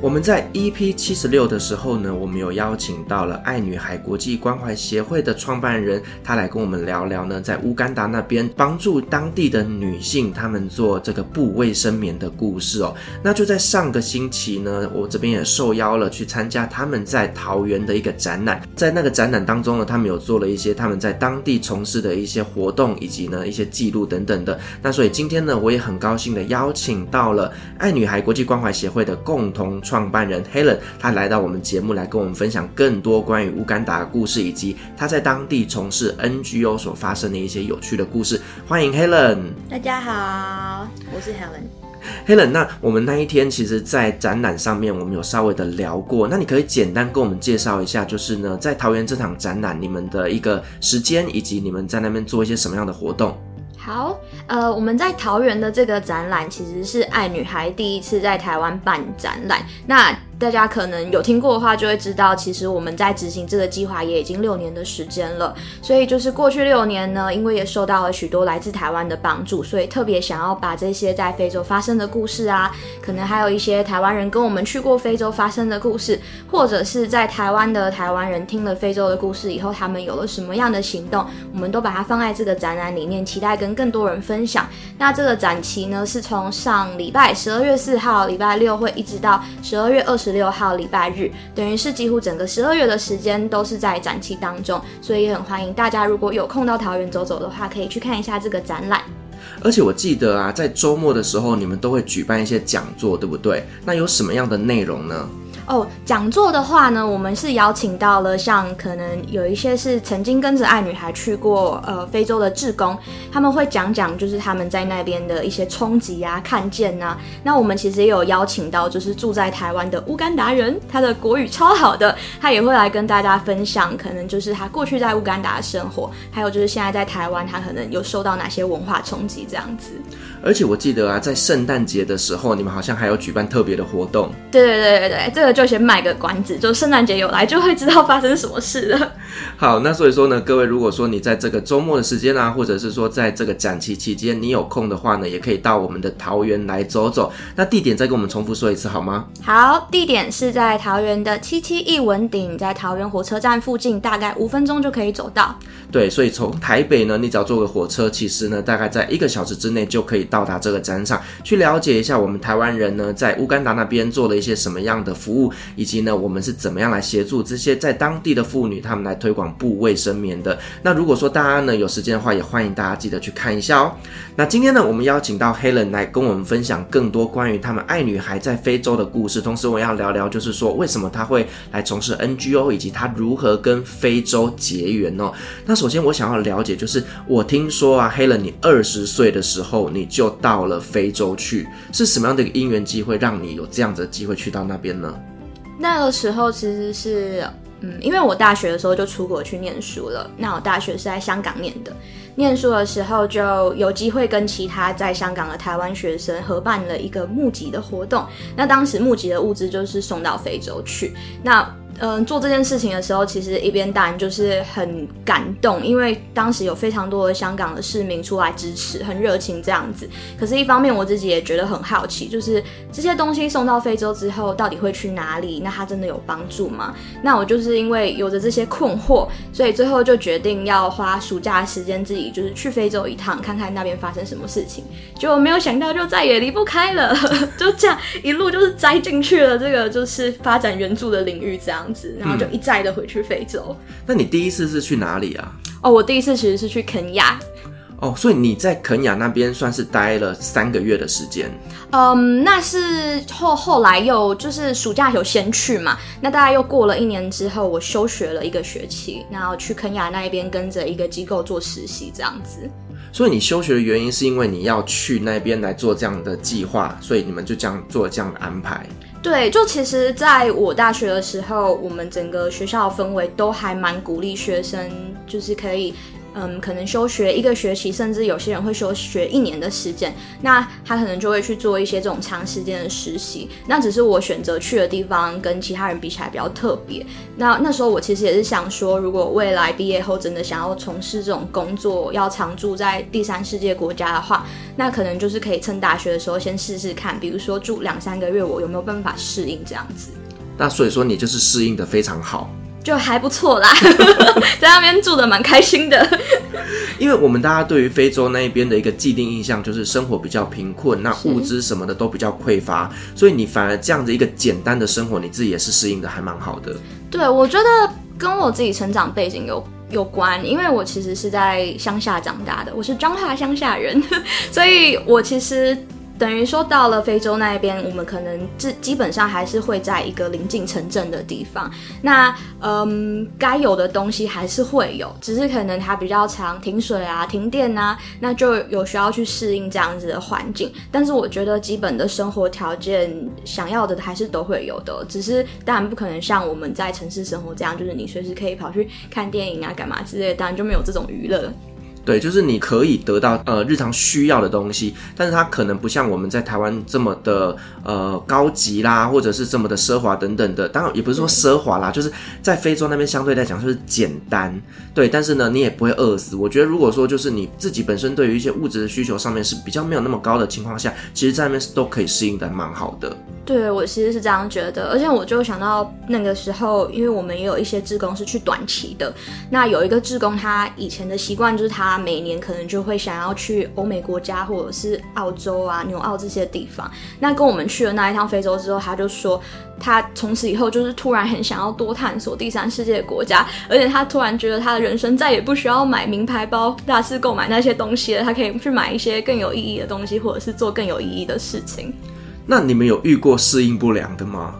我們在 EP 七十六的時候呢，我們有邀請到了愛女孩國際關懷協會的創辦人，他來跟我們聊聊呢，在烏干達那邊幫助當地的女性，他們做這個布衛生棉的故事哦。那就在上個星期呢，我這邊也受邀了去參加他們在桃園的一個展覽，在那個展覽當中呢，他們有做了一些他們在當地從事的一些活動，以及呢一些記錄等等的。那所以今天呢，我也很高興的邀請到了愛女孩國際關懷協會的共同。創辦人 Helen，她來到我們節目來跟我們分享更多關於烏干達的故事，以及她在當地從事 NGO 所發生的一些有趣的故事。歡迎 Helen。大家好，我是 Helen。Helen，那我們那一天其實，在展覽上面，我們有稍微的聊過。那你可以簡單跟我們介紹一下，就是呢，在桃園這場展覽，你們的一個時間，以及你們在那邊做一些什麼樣的活動。好，呃，我們在桃園的這個展覽其實是愛女孩第一次在台灣辦展覽。那。大家可能有聽過的話，就會知道，其實我們在執行這個計劃也已經六年的時間了。所以就是過去六年呢，因為也受到了許多來自台灣的幫助，所以特別想要把這些在非洲發生的故事啊，可能還有一些台灣人跟我們去過非洲發生的故事，或者是在台灣的台灣人聽了非洲的故事以後，他們有了什麼樣的行動，我們都把它放在這個展覽裡面，期待跟更多人分享。那這個展期呢，是從上禮拜十二月四號，禮拜六會一直到十二月二十，十六號禮拜日，等於是幾乎整個十二月的時間都是在展期當中，所以也很歡迎大家，如果有空到桃園走走的話，可以去看一下這個展覽。而且我記得啊，在周末的時候你們都會舉辦一些講座，對不對？那有什麼樣的內容呢？哦，講座的話呢，我們是邀請到了像可能有一些是曾經跟着愛女孩去過呃非洲的志工，他們會講講就是他們在那邊的一些衝擊啊、看見啊。那我們其實也有邀請到就是住在台灣的烏干達人，他的國語超好的，他也會來跟大家分享，可能就是他過去在烏干達的生活，還有就是現在在台灣他可能有受到哪些文化衝擊這樣子。而且我記得啊，在聖誕節的時候，你們好像還有舉辦特別的活動。對對對對對，這個就。就先賣個關子，就聖誕節有來就會知道發生什麼事了。好，那所以說呢，各位如果說你在這個週末的時間啊，或者是說在這個展期期間你有空的話呢，也可以到我們的桃園來走走。那地點再跟我們重複說一次好嗎？好，地點是在桃園的七七藝文町，在桃園火車站附近，大概五分鐘就可以走到。對，所以從台北呢，你只要坐個火車，其實呢，大概在一個小時之內就可以到達這個展場，去了解一下我們台灣人呢在烏干達那邊做了一些什麼樣的服務。以及呢，我們是怎麼樣來協助這些在當地的婦女，他們來推廣布衛生棉的？那如果說大家呢有時間的話，也歡迎大家記得去看一下哦。那今天呢，我們邀請到 Helen 來跟我們分享更多關於他們愛女孩在非洲的故事。同時，我要聊聊就是說，為什麼他會來從事 NGO，以及他如何跟非洲結緣哦。那首先，我想要了解，就是我聽說啊，Helen，你二十歲的時候你就到了非洲去，是什麼樣的一個因緣機會，讓你有這樣子的機會去到那邊呢？那個時候其實是，嗯，因為我大學的時候就出國去念書了。那我大學是在香港念的，念書的時候就有機會跟其他在香港的台灣學生合辦了一個募集的活動。那當時募集的物資就是送到非洲去。那嗯，做這件事情的時候，其實一邊大人就是很感動，因為當時有非常多的香港的市民出來支持，很熱情這樣子。可是，一方面我自己也覺得很好奇，就是這些東西送到非洲之後，到底會去哪裡？那它真的有幫助嗎？那我就是因為有着這些困惑，所以最後就決定要花暑假時間自己就是去非洲一趟，看看那邊發生什麼事情。結果沒有想到，就再也離不開了， 就這樣一路就是栽進去了這個就是發展援助的領域，這樣。然後就一再的回去非洲。嗯，那你第一次是去哪裡啊？哦，我第一次其實是去肯亞。哦，所以你在肯亞那邊算是待了三個月的時間。嗯，那是後後來又就是暑假有先去嘛，那大概又過了一年之後，我休學了一個學期，然後去肯亞那一邊跟着一個機構做實習這樣子。所以你休學的原因是因為你要去那邊來做這樣的計劃，所以你們就這樣做這樣的安排。對，就其實，在我大學的時候，我們整個學校的氛圍都還蠻鼓勵學生，就是可以。嗯，可能休學一個學期，甚至有些人會休學一年的時間，那他可能就會去做一些這種長時間的實習。那只是我選擇去的地方跟其他人比起來比較特別。那那時候我其實也是想說，如果未來畢業後真的想要從事這種工作，要常住在第三世界國家的話，那可能就是可以趁大學的時候先試試看，比如說住兩三個月，我有沒有辦法適應這樣子。那所以說，你就是適應得非常好。就還不錯啦， 在那邊住的蠻開心的。 因為我們大家對於非洲那一邊的一個既定印象，就是生活比較貧困，那物資什麼的都比較匱乏，是所以你反而這樣子一個簡單的生活，你自己也是適應的還蠻好的。對，我覺得跟我自己成長背景有有關，因為我其實是在鄉下長大的，我是彰化鄉下人，所以我其實。等於說到了非洲那一邊，我們可能基本上還是會在一個臨近城鎮的地方。那嗯，該有的東西還是會有，只是可能它比較常停水啊、停電啊，那就有需要去適應這樣子的環境。但是我覺得基本的生活條件想要的還是都會有的，只是當然不可能像我們在城市生活這樣，就是你隨時可以跑去看電影啊、幹嘛之類的，當然就沒有這種娛樂。對，就是你可以得到呃日常需要的東西，但是它可能不像我們在台灣這麼的呃高級啦，或者是這麼的奢華等等的。當然也不是說奢華啦，嗯、就是在非洲那邊相對來講就是簡單。對，但是呢，你也不會餓死。我覺得如果說就是你自己本身對於一些物質的需求上面是比較沒有那麼高的情況下，其實在那邊都可以適應的蠻好的。對，我其實是這樣覺得，而且我就想到那個時候，因為我們也有一些志工是去短期的。那有一個志工他以前的習慣就是他。他每年可能就會想要去歐美國家或者是澳洲啊、紐澳這些地方。那跟我們去了那一趟非洲之後，他就說他從此以後就是突然很想要多探索第三世界的國家，而且他突然覺得他的人生再也不需要買名牌包、大肆購買那些東西了，他可以去買一些更有意義的東西，或者是做更有意義的事情。那你們有遇過適應不良的嗎？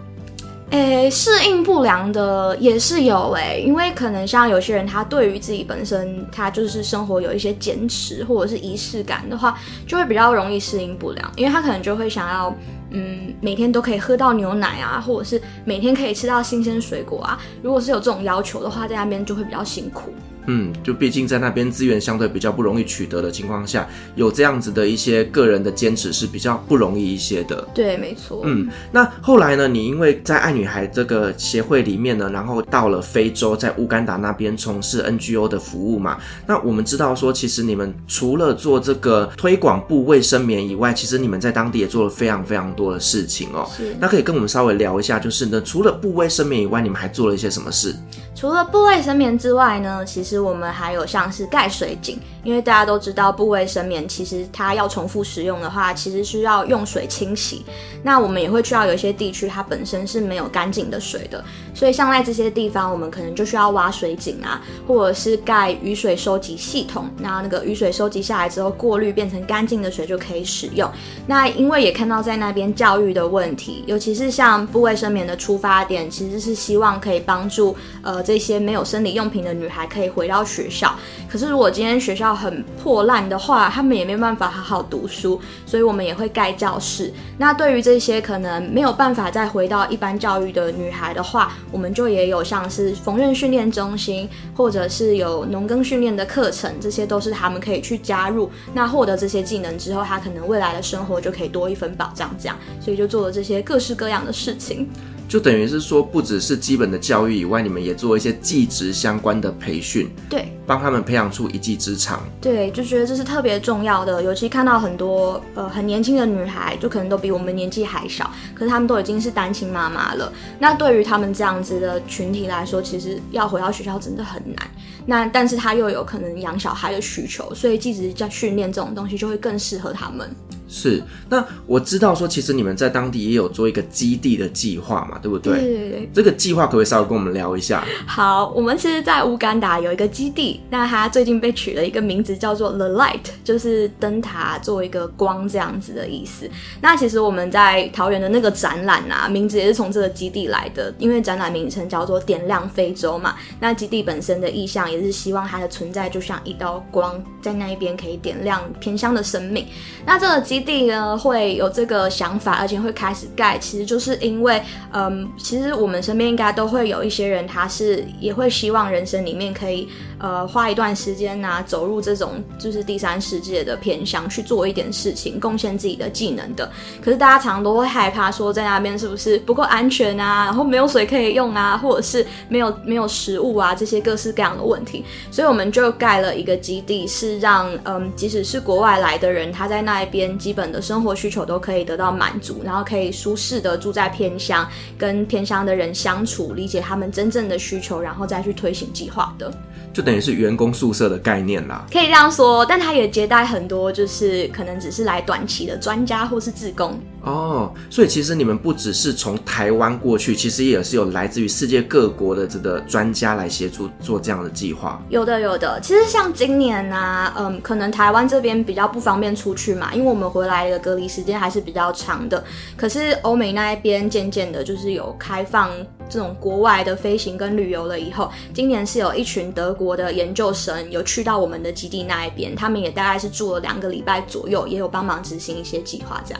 誒，適應不良的也是有誒，因為可能像有些人，他對於自己本身，他就是生活有一些堅持或者是儀式感的話，就會比較容易適應不良，因為他可能就會想要，嗯，每天都可以喝到牛奶啊，或者是每天可以吃到新鮮水果啊。如果是有這種要求的話，在那邊就會比較辛苦。嗯，就畢竟在那邊資源相對比較不容易取得的情況下，有這樣子的一些個人的堅持是比較不容易一些的。對，沒錯。嗯，那後來呢？你因為在愛女孩這個協會裡面呢，然後到了非洲，在烏干達那邊從事 NGO 的服務嘛。那我們知道說，其實你們除了做這個推廣布衛生棉以外，其實你們在當地也做了非常非常多的事情哦。是。那可以跟我們稍微聊一下，就是呢，除了布衛生棉以外，你們還做了一些什麼事？除了布衛生棉之外呢，其實我們還有像是蓋水井，因為大家都知道布衛生棉，其實它要重複使用的話，其實需要用水清洗。那我們也會去到有些地區，它本身是沒有乾淨的水的，所以像在這些地方，我們可能就需要挖水井啊，或者是蓋雨水收集系統。那那個雨水收集下來之後，過濾變成乾淨的水就可以使用。那因為也看到在那邊教育的問題，尤其是像布衛生棉的出發點，其實是希望可以幫助呃。這些沒有生理用品的女孩可以回到學校，可是如果今天學校很破爛的話，他們也沒辦法好好讀書，所以我們也會蓋教室。那對於這些可能沒有辦法再回到一般教育的女孩的話，我們就也有像是縫紉訓練中心，或者是有農耕訓練的課程，這些都是他們可以去加入。那獲得這些技能之後，她可能未來的生活就可以多一份保障，這樣，所以就做了這些各式各樣的事情。就等於是說，不只是基本的教育以外，你們也做一些技職相關的培訓，對，幫他們培養出一技之長，對，就覺得這是特別重要的。尤其看到很多呃很年輕的女孩，就可能都比我們年紀還小，可是他們都已經是單親媽媽了。那對於他們這樣子的群體來說，其實要回到學校真的很難。那但是他又有可能養小孩的需求，所以技職在訓練這種東西就會更適合他們。是，那我知道說，其實你們在當地也有做一個基地的計劃嘛？對不對？嗯、這個計劃可不可以稍微跟我們聊一下？好，我們其實，在烏干達有一個基地，那它最近被取了一個名字，叫做 The Light，就是燈塔，做一個光這樣子的意思。那其實我們在桃園的那個展覽啊，名字也是從這個基地來的，因為展覽名稱叫做點亮非洲嘛。那基地本身的意象也是希望它的存在就像一道光，在那一邊可以點亮偏鄉的生命。那這個基地呢，會有這個想法，而且會開始蓋，其實就是因為呃。其實我們身邊應該都會有一些人，他是也會希望人生裡面可以。呃，花一段時間吶、啊，走入這種就是第三世界的偏鄉去做一點事情，貢獻自己的技能的。可是大家常常都會害怕說，在那邊是不是不夠安全啊？然後沒有水可以用啊，或者是沒有沒有食物啊，這些各式各樣的問題。所以我們就蓋了一個基地，是讓嗯，即使是國外來的人，他在那一邊基本的生活需求都可以得到滿足，然後可以舒適的住在偏鄉，跟偏鄉的人相處，理解他們真正的需求，然後再去推行計劃的。就等於是員工宿舍的概念啦，可以這樣說，但他也接待很多，就是可能只是來短期的專家或是志工。哦，oh, 所以其實你們不只是從台灣過去，其實也是有來自於世界各國的這個專家來協助做這樣的計劃。有的，有的。其實像今年呢、啊，嗯，可能台灣這邊比較不方便出去嘛，因為我們回來的隔離時間還是比較長的。可是歐美那一邊漸漸的，就是有開放這種國外的飛行跟旅遊了以後，今年是有一群德國的研究生有去到我們的基地那一邊，他們也大概是住了兩個禮拜左右，也有幫忙執行一些計劃這樣。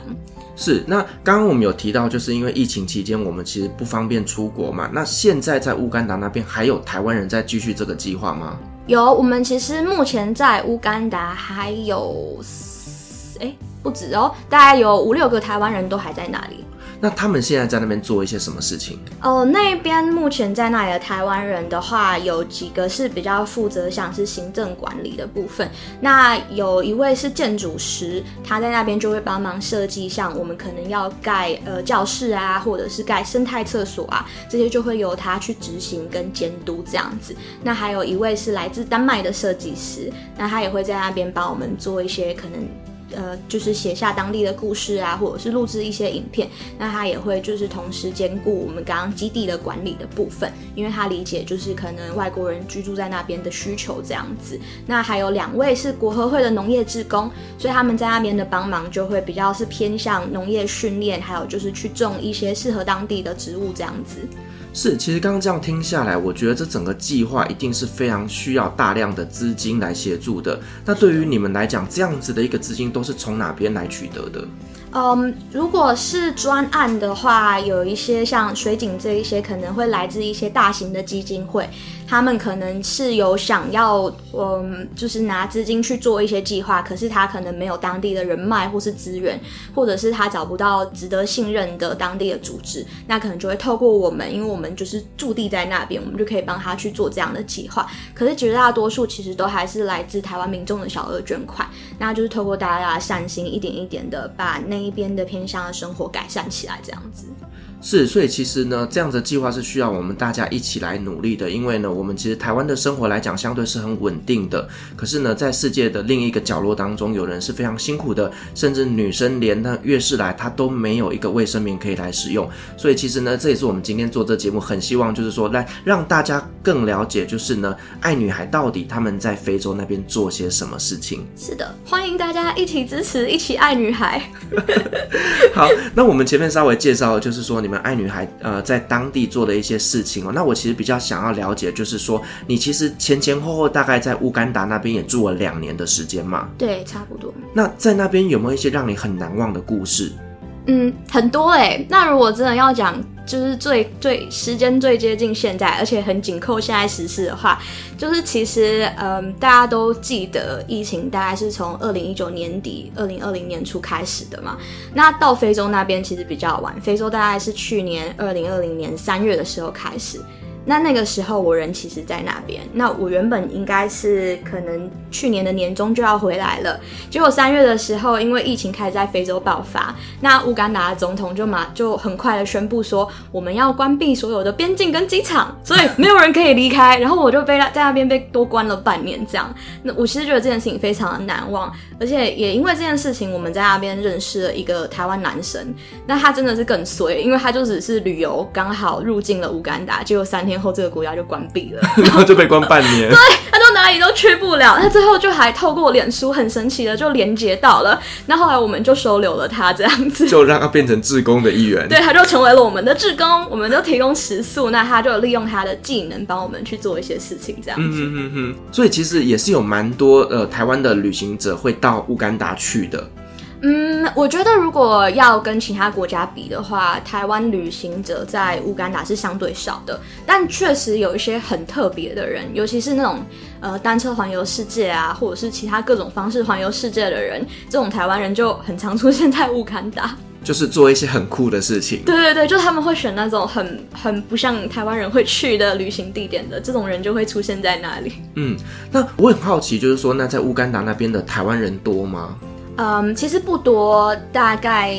那剛剛我們有提到，就是因為疫情期間，我們其實不方便出國嘛。那現在在烏干達那邊還有台灣人在繼續這個計劃嗎？有，我們其實目前在烏干達還有四，哎，不止哦，大概有五六個台灣人都還在那裡。那他們現在在那邊做一些什麼事情？哦，oh, 那邊目前在那裡的台灣人的話，有幾個是比較負責，像是行政管理的部分。那有一位是建築師，他在那邊就會幫忙設計，像我們可能要蓋呃教室啊，或者是蓋生態廁所啊，這些就會由他去執行跟監督這樣子。那還有一位是來自丹麥的設計師，那他也會在那邊幫我們做一些可能。呃，就是寫下當地的故事啊，或者是錄製一些影片，那他也會就是同時兼顧我們剛剛基地的管理的部分，因為他理解就是可能外國人居住在那邊的需求這樣子。那還有兩位是國合會的農業志工，所以他們在那邊的幫忙就會比較是偏向農業訓練，還有就是去種一些適合當地的植物這樣子。是，其實剛剛這樣聽下來，我覺得這整個計劃一定是非常需要大量的資金來協助的。那對於你們來講，這樣子的一個資金都是從哪邊來取得的？嗯，如果是專案的話，有一些像水井這一些，可能會來自一些大型的基金會。他們可能是有想要，嗯，就是拿資金去做一些計劃，可是他可能沒有當地的人脈或是資源，或者是他找不到值得信任的當地的組織，那可能就會透過我們，因為我們就是駐地在那邊，我們就可以幫他去做這樣的計劃。可是絕大多數其實都還是來自台灣民眾的小額捐款，那就是透過大家的善心，一點一點的把那一邊的偏鄉的生活改善起來，這樣子。是，所以其實呢，這樣的計劃是需要我們大家一起來努力的。因為呢，我們其實台灣的生活來講，相對是很穩定的。可是呢，在世界的另一個角落當中，有人是非常辛苦的，甚至女生連她月事來，她都沒有一個衛生棉可以來使用。所以其實呢，這也是我們今天做這節目很希望，就是說，來讓大家更了解，就是呢，愛女孩到底他們在非洲那邊做些什麼事情。是的，歡迎大家一起支持，一起愛女孩。 好，那我們前面稍微介紹的，就是說你。你們愛女孩，呃，在當地做的一些事情哦。那我其實比較想要了解，就是說，你其實前前後後大概在烏干達那邊也住了兩年的時間嘛？對，差不多。那在那邊有沒有一些讓你很難忘的故事？嗯，很多哎。那如果真的要講。就是最最時間最接近現在，而且很緊扣現在時事的話，就是其實嗯，大家都記得疫情大概是從二零一九年底、二零二零年初開始的嘛。那到非洲那邊其實比較晚，非洲大概是去年二零二零年三月的時候開始。那那個時候我人其實，在那邊。那我原本應該是可能去年的年終就要回來了，結果三月的時候，因為疫情開始在非洲爆發，那烏干達總統就馬就很快的宣布說，我們要關閉所有的邊境跟機場，所以沒有人可以離開。 然後我就被在那邊被多關了半年，這樣。那我其實覺得這件事情非常的難忘。而且也因為這件事情，我們在那邊認識了一個台灣男神。那他真的是更衰，因為他就只是旅遊，剛好入境了烏干達，結果三天後這個國家就關閉了， 然後就被關半年。對，他到哪裡都去不了。他最後就還透過臉書，很神奇的就連接到了。那後，後來我們就收留了他，這樣子就讓他變成志工的一員。對，他就成為了我們的志工，我們就提供食宿，那他就利用他的技能幫我們去做一些事情，這樣子。嗯、嗯、嗯、嗯。所以其實也是有蠻多呃台灣的旅行者會到。到烏干達去的，嗯，我覺得如果要跟其他國家比的話，台灣旅行者在烏干達是相對少的，但確實有一些很特別的人，尤其是那種呃，單車環遊世界啊，或者是其他各種方式環遊世界的人，這種台灣人就很常出現在烏干達。就是做一些很酷的事情。對對對，就是他們會選那種很很不像台灣人會去的旅行地點的，這種人就會出現在那裡。嗯，那我很好奇，就是說，那在烏干達那邊的台灣人多嗎？嗯，其實不多，大概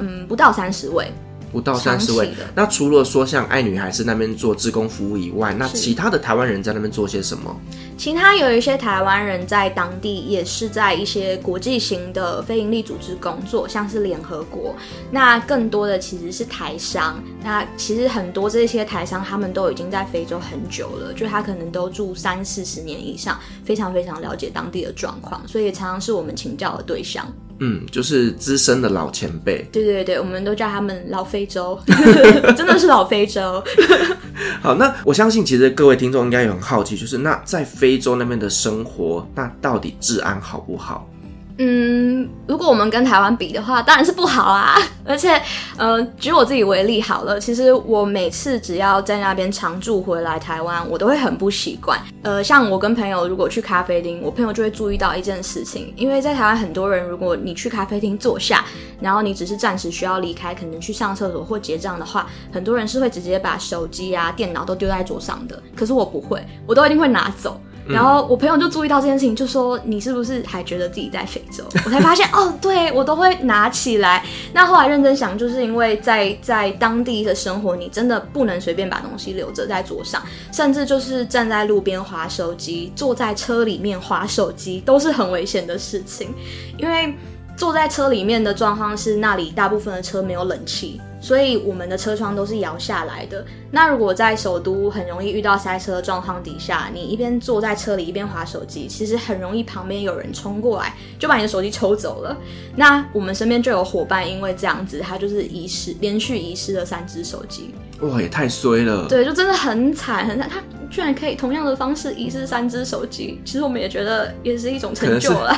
嗯不到三十位。不到三十位的。那除了說像愛女孩子那邊做志工服務以外，嗯、那其他的台灣人在那邊做些什麼？其他有一些台灣人在當地也是在一些國際型的非營利組織工作，像是聯合國。那更多的其實是台商。那其實很多這些台商他們都已經在非洲很久了，就他可能都住三四十年以上，非常非常了解當地的狀況，所以常常是我們請教的對象。嗯，就是資深的老前輩。對對對，我們都叫他們老非洲， 真的是老非洲。 好，那我相信其實各位聽眾應該也很好奇，就是那在非洲那邊的生活，那到底治安好不好？嗯，如果我們跟台灣比的話，當然是不好啊。而且，呃，舉我自己為例好了，其實我每次只要在那邊常住回來台灣，我都會很不習慣。呃，像我跟朋友如果去咖啡廳，我朋友就會注意到一件事情，因為在台灣很多人，如果你去咖啡廳坐下，然後你只是暫時需要離開，可能去上廁所或結賬的話，很多人是會直接把手機啊、電腦都丟在桌上的。可是我不會，我都一定會拿走。然後我朋友就注意到這件事情，就說你是不是還覺得自己在非洲？我才發現哦，對我都會拿起來。那後來認真想，就是因為在在當地的生活，你真的不能隨便把東西留着在桌上，甚至就是站在路邊滑手機，坐在車裡面滑手機都是很危險的事情。因為坐在車裡面的狀況是，那裡大部分的車沒有冷氣。所以我們的車窗都是搖下來的。那如果在首都很容易遇到塞車的狀況底下，你一邊坐在車裡一邊滑手機，其實很容易旁邊有人衝過來就把你的手機抽走了。那我們身邊就有夥伴因為這樣子，他就是遺失，連續遺失了三只手機。哇，也太衰了！對，就真的很慘，很慘。他居然可以同樣的方式遺失三隻手機，其實我們也覺得也是一種成就了。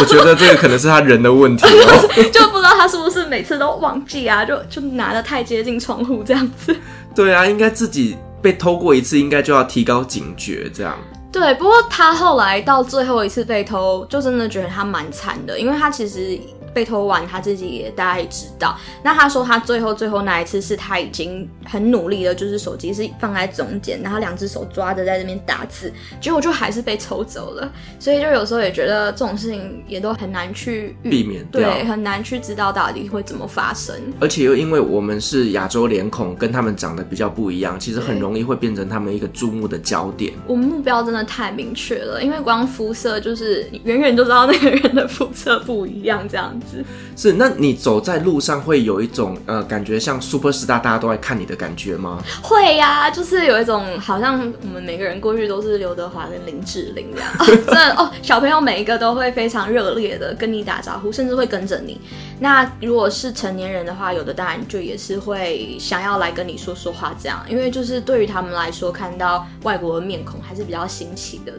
我覺得這個可能是他人的問題， 就不知道他是不是每次都忘記啊，就就拿得太接近窗戶這樣子。對啊，應該自己被偷過一次，應該就要提高警覺這樣。對，不過他後來到最後一次被偷，就真的覺得他蠻慘的，因為他其實。被偷完，他自己也大概知道。那他說他最後最後那一次是他已經很努力了，就是手機是放在中間，然後兩隻手抓着在這邊打字，結果就還是被抽走了。所以就有時候也覺得這種事情也都很難去避免，對，很難去知道到底會怎麼發生。而且又因為我們是亞洲臉孔，跟他們長得比較不一樣，其實很容易會變成他們一個注目的焦點。欸、我們目標真的太明確了，因為光膚色就是你遠遠都知道那個人的膚色不一樣這樣子。是，那你走在路上會有一種呃，感覺像 Superstar，大家都來看你的感覺嗎？會呀、啊，就是有一種好像我們每個人過去都是劉德華跟林志玲這樣，真的 哦，小朋友每一個都會非常熱烈的跟你打招呼，甚至會跟着你。那如果是成年人的話，有的當然就也是會想要來跟你說說話這樣，因為就是對於他們來說，看到外國的面孔還是比較新奇的。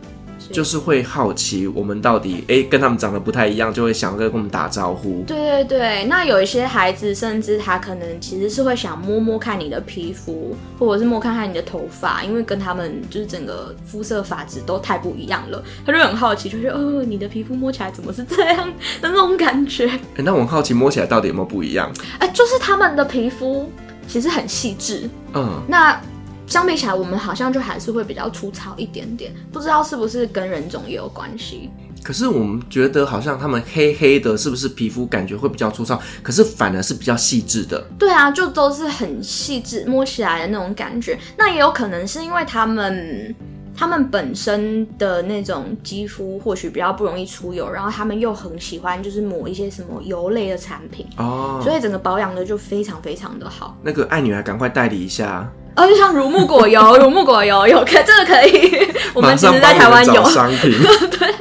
對對對，就是會好奇，我們到底哎、欸、跟他們長得不太一樣，就會想跟跟我們打招呼。對對對，那有一些孩子，甚至他可能其實是會想摸摸看你的皮膚，或者是摸看看你的頭髮，因為跟他們就是整個膚色髮質都太不一樣了，他就很好奇，就覺得哦，你的皮膚摸起來怎麼是這樣的那種感覺？欸、那我好奇摸起來到底有沒有不一樣？哎、欸，就是他們的皮膚其實很細緻。嗯，那。相比起來，我們好像就還是會比較粗糙一點點，不知道是不是跟人種也有關係。可是我們覺得好像他們黑黑的，是不是皮膚感覺會比較粗糙？可是反而是比較細緻的。對啊，就都是很細緻，摸起來的那種感覺。那也有可能是因為他們他們本身的那種肌膚或許比較不容易出油，然後他們又很喜歡就是抹一些什麼油類的產品哦，所以整個保養的就非常非常的好。那個愛女孩，趕快代理一下。哦，就像乳木果油、乳 木果油，有可這個可以。我們其實在台灣有，商品， 對，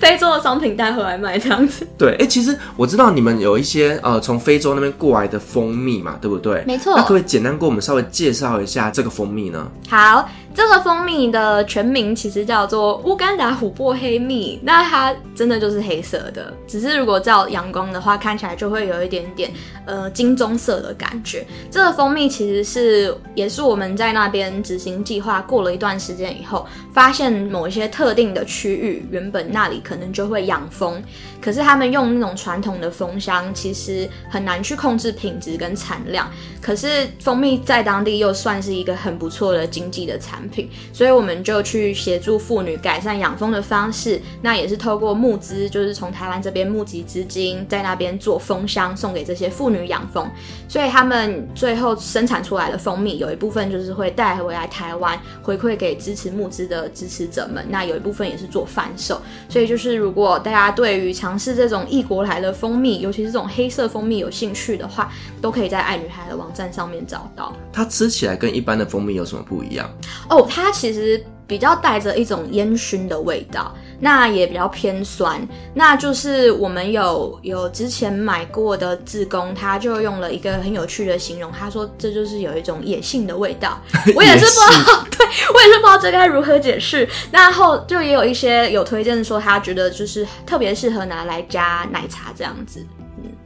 非洲的商品帶回來賣這樣子。對，哎、欸，其實我知道你們有一些呃，從非洲那邊過來的蜂蜜嘛，對不對？沒錯。那可不可以簡單給我們稍微介紹一下這個蜂蜜呢？好。這個蜂蜜的全名其實叫做烏干達琥珀黑蜜，那它真的就是黑色的，只是如果照陽光的話，看起來就會有一點點呃，金棕色的感覺。這個蜂蜜其實是也是我們在那邊執行計劃過了一段時間以後，發現某一些特定的區域，原本那裡可能就會養蜂。可是他們用那種傳統的蜂箱，其實很難去控制品質跟產量。可是蜂蜜在當地又算是一個很不錯的經濟的產品，所以我們就去協助婦女改善養蜂的方式。那也是透過募資，就是從台灣這邊募集資金，在那邊做蜂箱送給這些婦女養蜂。所以他們最後生產出來的蜂蜜有一部分就是會帶回來台灣回饋給支持募資的支持者們。那有一部分也是做販售。所以就是如果大家對於嘗試這種異國來的蜂蜜，尤其是這種黑色蜂蜜，有興趣的話，都可以在愛女孩的網站上面找到。它吃起來跟一般的蜂蜜有什麼不一樣？哦，它其實，比較帶着一種煙燻的味道，那也比較偏酸。那就是我們有有之前買過的志工，他就用了一個很有趣的形容，他說，這就是有一種野性的味道。我也是不知道， 是對，我也是不知道這該如何解釋。然後，就也有一些有推薦說，他覺得就是特別適合拿來加奶茶這樣子。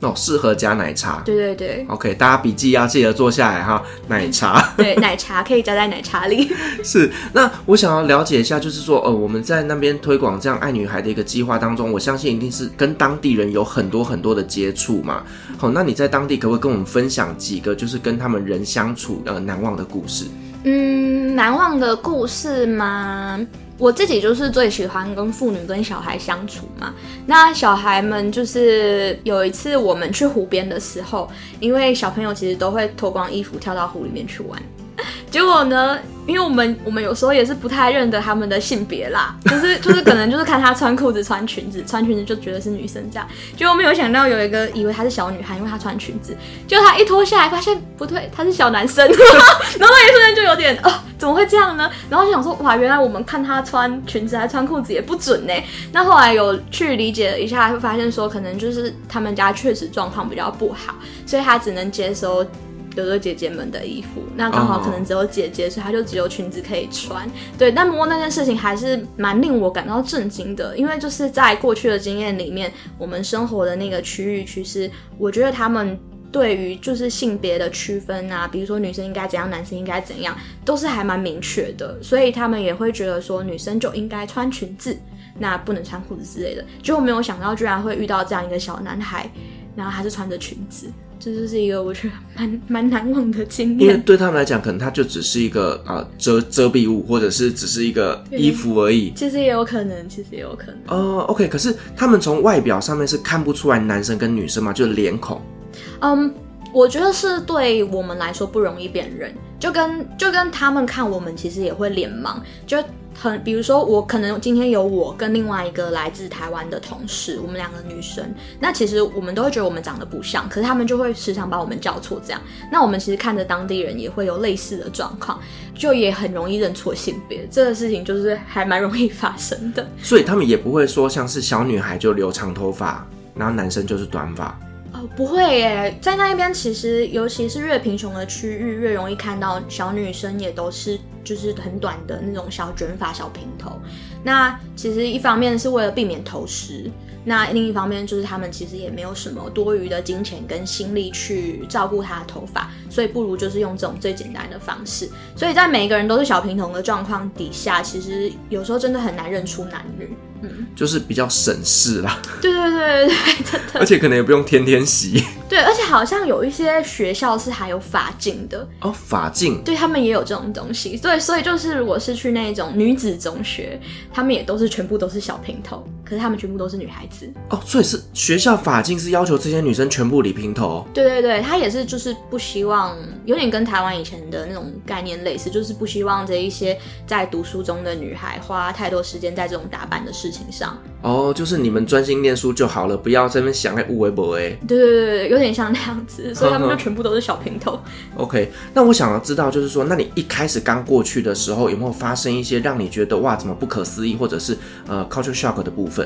哦，適合加奶茶。對對對，OK，大家筆記要、啊、記得做下來哈。奶茶， 對，奶茶可以加在奶茶裡。 是，那我想要了解一下，就是說，呃，我們在那邊推廣這樣愛女孩的一個計劃當中，我相信一定是跟當地人有很多很多的接觸嘛。好、哦，那你在當地可不可以跟我們分享幾個，就是跟他們人相處呃難忘的故事？嗯，難忘的故事嗎？我自己就是最喜歡跟婦女跟小孩相處嘛。那小孩們就是有一次我們去湖邊的時候，因為小朋友其實都會脫光衣服跳到湖裡面去玩。結果呢？因為我們我們有時候也是不太認得他們的性別啦，就是就是可能就是看他穿褲子、穿裙子、穿裙子就覺得是女生這樣。結果沒有想到有一個以為他是小女孩，因為他穿裙子，結果他一脫下來發現不對，他是小男生。然後，然後那一瞬間就有點啊、哦，怎麼會這樣呢？然後就想說哇，原來我們看他穿裙子還穿褲子也不準呢、欸。那後來有去理解了一下，會發現說可能就是他們家確實狀況比較不好，所以他只能接受。哥哥姐姐們的衣服，那剛好可能只有姐姐，oh. 所以她就只有裙子可以穿。對，但不過那件事情還是蠻令我感到震驚的，因為就是在過去的經驗裡面，我們生活的那個區域，其實我覺得他們對於就是性別的區分啊，比如說女生應該怎樣，男生應該怎樣，都是還蠻明確的，所以他們也會覺得說女生就應該穿裙子，那不能穿褲子之類的。就沒有想到居然會遇到這樣一個小男孩，然後還是穿着裙子。這就是一個我覺得蠻蠻難忘的經歷。因為對他們來講，可能他就只是一個啊、呃、遮遮蔽物，或者是只是一個衣服而已。其實也有可能，其實也有可能。哦、呃，OK，可是他們從外表上面是看不出來男生跟女生嘛，就是臉孔。嗯，我覺得是對我們來說不容易辨認，就跟就跟他們看我們，其實也會臉盲，就。很，比如說我可能今天有我跟另外一個來自台灣的同事，我們兩個女生，那其實我們都會覺得我們長得不像，可是他們就會時常把我們叫錯這樣。那我們其實看着當地人也會有類似的狀況，就也很容易認錯性別。這個事情就是還蠻容易發生的。所以他們也不會說像是小女孩就留長頭髮，然後男生就是短髮。不會耶，在那一邊，其實尤其是越貧窮的區域，越容易看到小女生也都是就是很短的那種小捲髮、小平頭。那其實一方面是為了避免頭蝨，那另一方面就是他們其實也沒有什麼多餘的金錢跟心力去照顧她的頭髮，所以不如就是用這種最簡單的方式。所以在每一個人都是小平頭的狀況底下，其實有時候真的很難認出男女。嗯，就是比較省事啦。對、嗯、 對對對對，而且可能也不用天天洗。對，而且好像有一些學校是還有髮禁的哦，髮禁。對，他們也有這種東西。對，所以就是，如果是去那種女子中學，他們也都是全部都是小平頭。可是她們全部都是女孩子。哦，所以是學校髮禁是要求這些女生全部理平頭？對對對，她也是，就是不希望有點跟台灣以前的那種概念類似，就是不希望這一些在讀書中的女孩花太多時間在這種打扮的事情上。哦，就是你們專心念書就好了，不要在那邊想哎，烏為博哎。對對對對，有點像那樣子，所以她們就全部都是小平頭。OK，那我想要知道就是說，那你一開始剛過去的時候，有沒有發生一些讓你覺得哇怎麼不可思議，或者是呃 culture shock 的部分？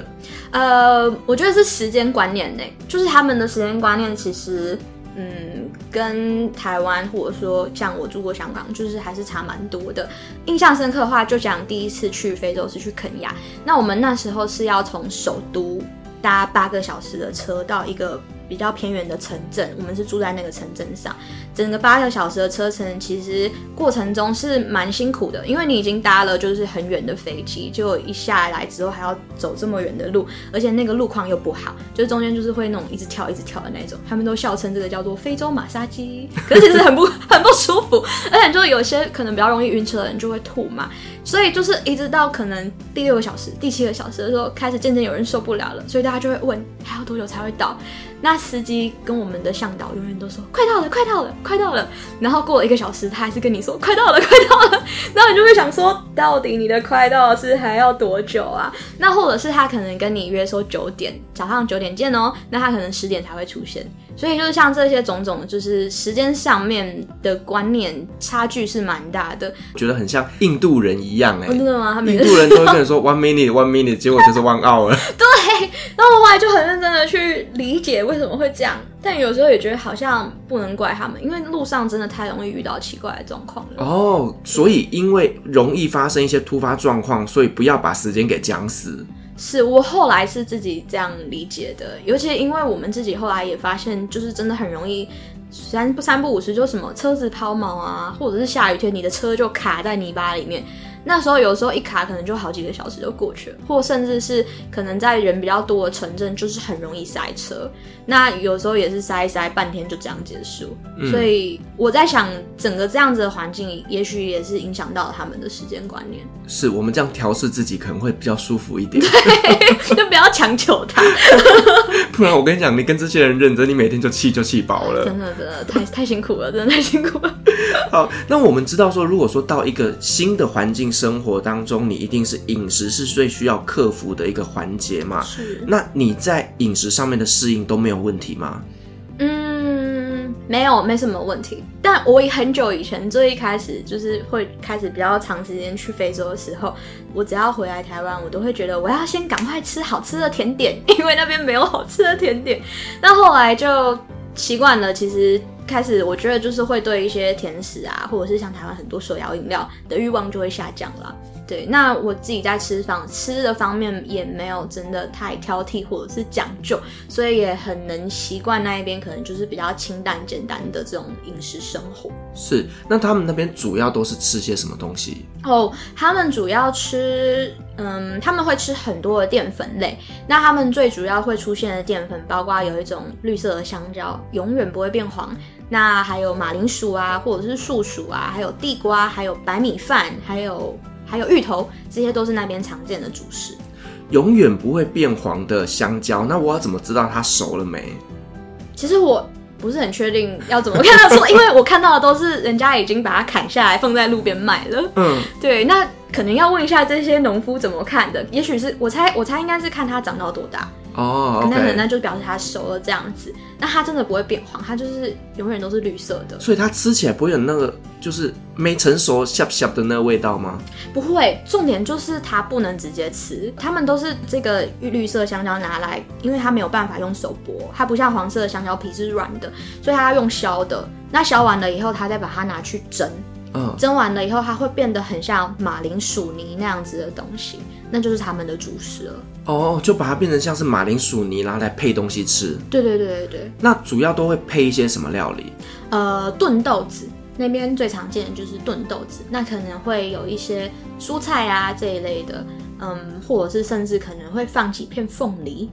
呃，我覺得是時間觀念呢，欸，就是他們的時間觀念，其實嗯，跟台灣或者說像我住過香港，就是還是差蠻多的。印象深刻的話，就講第一次去非洲是去肯亞，那我們那時候是要從首都。搭八個小時的車到一個比較偏遠的城鎮，我們是住在那個城鎮上。整個八個小時的車程，其實過程中是蠻辛苦的，因為你已經搭了就是很遠的飛機，就一下來之後還要走這麼遠的路，而且那個路況又不好，就是、中間就是會那種一直跳一直跳的那種。他們都笑稱這個叫做“非洲馬殺雞”，可是其實很不 很不舒服，而且就有些可能比較容易暈車的人就會吐嘛。所以就是一直到可能第六個小時、第七個小時的時候，開始漸漸有人受不了了，所以大家就會問，還要多久才會到。那司機跟我們的向導永遠都說快到了，快到了，快到了。然後過了一個小時，他還是跟你說快到了，快到了。然後你就會想說，到底你的快到是還要多久啊？那或者是他可能跟你約說九點早上九點見哦、喔，那他可能十點才會出現。所以就是像這些種種，就是時間上面的觀念差距是蠻大的，覺得很像印度人一樣哎、欸哦，真的嗎？他印度人都跟你說 one minute one minute，結果就是 one hour。對，然後我後來就很認真的去理解。為什麼會這樣？但有時候也覺得好像不能怪他們，因為路上真的太容易遇到奇怪的狀況了。哦，oh, 所以因為容易發生一些突發狀況，所以不要把時間給講死。是我後來是自己這樣理解的，尤其因為我們自己後來也發現，就是真的很容易三，三不三不五時就什麼車子拋錨啊，或者是下雨天你的車就卡在泥巴裡面。那時候有時候一卡可能就好幾個小時就過去了，或甚至是可能在人比較多的城鎮，就是很容易塞車。那有時候也是塞一塞半天就這樣結束。嗯、所以我在想，整個這樣子的環境，也許也是影響到了他們的時間觀念。是我們這樣調適自己，可能會比較舒服一點。對， 就不要強求他。不 然、 嗯、我跟你講，你跟這些人認真，你每天就氣就氣飽了。真的真的太太辛苦了，真的太辛苦了。 好，那我們知道說，如果說到一個新的環境。生活當中，你一定是飲食是最需要克服的一個環節嘛？是。那你在飲食上面的適應都沒有問題嗎？嗯，沒有，沒什麼問題。但我很久以前最一開始就是會開始比較長時間去非洲的時候，我只要回來台灣，我都會覺得我要先趕快吃好吃的甜點，因為那邊沒有好吃的甜點。那後來就習慣了，其實開始我覺得就是會對一些甜食啊，或者是像台灣很多手搖飲料的慾望就會下降了。對，那我自己在吃方吃的方面也沒有真的太挑剔或者是講究，所以也很能習慣那一邊，可能就是比較清淡簡單的這種飲食生活。是，那他們那邊主要都是吃些什麼東西？哦，oh, 他們主要吃，嗯，他們會吃很多的澱粉類。那他們最主要會出現的澱粉，包括有一種綠色的香蕉，永遠不會變黃。那還有馬鈴薯啊，或者是樹薯啊，還有地瓜，還有白米飯，還有。還有芋頭，這些都是那邊常見的主食。永遠不會變黃的香蕉，那我要怎麼知道它熟了沒？其實我不是很確定要怎麼看到熟， 因為我看到的都是人家已經把它砍下來放在路邊賣了。嗯，對，那可能要問一下這些農夫怎麼看的。也許是我猜，我猜應該是看它長到多大。哦，那、oh, okay. 就表示它熟了這樣子，那它真的不會變黃，它就是永遠都是綠色的。所以它吃起來不會有那個就是沒成熟澀澀的那個味道嗎？不會，重點就是它不能直接吃，他們都是這個綠綠色香蕉拿來，因為它沒有辦法用手剝，它不像黃色的香蕉皮是軟的，所以它要用削的，那削完了以後，它再把它拿去蒸。蒸完了以後，它會變得很像馬鈴薯泥那樣子的東西，那就是他們的主食了。哦，就把它變成像是馬鈴薯泥，然後來配東西吃。對對對對對。那主要都會配一些什麼料理？呃，燉豆子，那邊最常見的就是燉豆子，那可能會有一些蔬菜啊，這一類的，嗯，或者是甚至可能會放幾片鳳梨。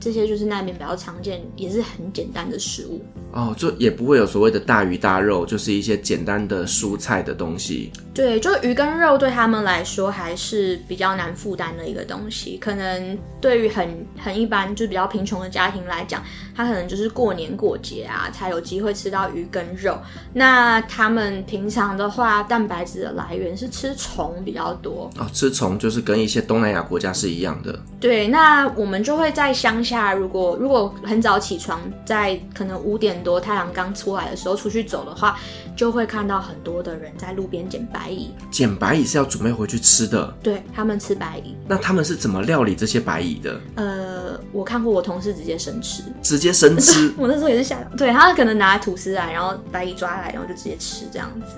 這些就是那邊比較常見，也是很簡單的食物哦，就也不會有所謂的大魚大肉，就是一些簡單的蔬菜的東西。對，就魚跟肉對他們來說還是比較難負擔的一個東西。可能對於很很一般，就是比較貧窮的家庭來講，他可能就是過年過節啊才有機會吃到魚跟肉。那他們平常的話，蛋白質的來源是吃蟲比較多哦，吃蟲就是跟一些東南亞國家是一樣的。對，那我們就會在相信。下如果如果很早起床，在可能五點多太陽剛出來的時候出去走的話，就會看到很多的人在路邊撿白蟻。撿白蟻是要準備回去吃的。對，他們吃白蟻。那他們是怎麼料理這些白蟻的？呃，我看過我同事直接生吃，直接生吃。 我那時候也是嚇到，對，他可能拿吐司來，然後白蟻抓來，然後就直接吃這樣子。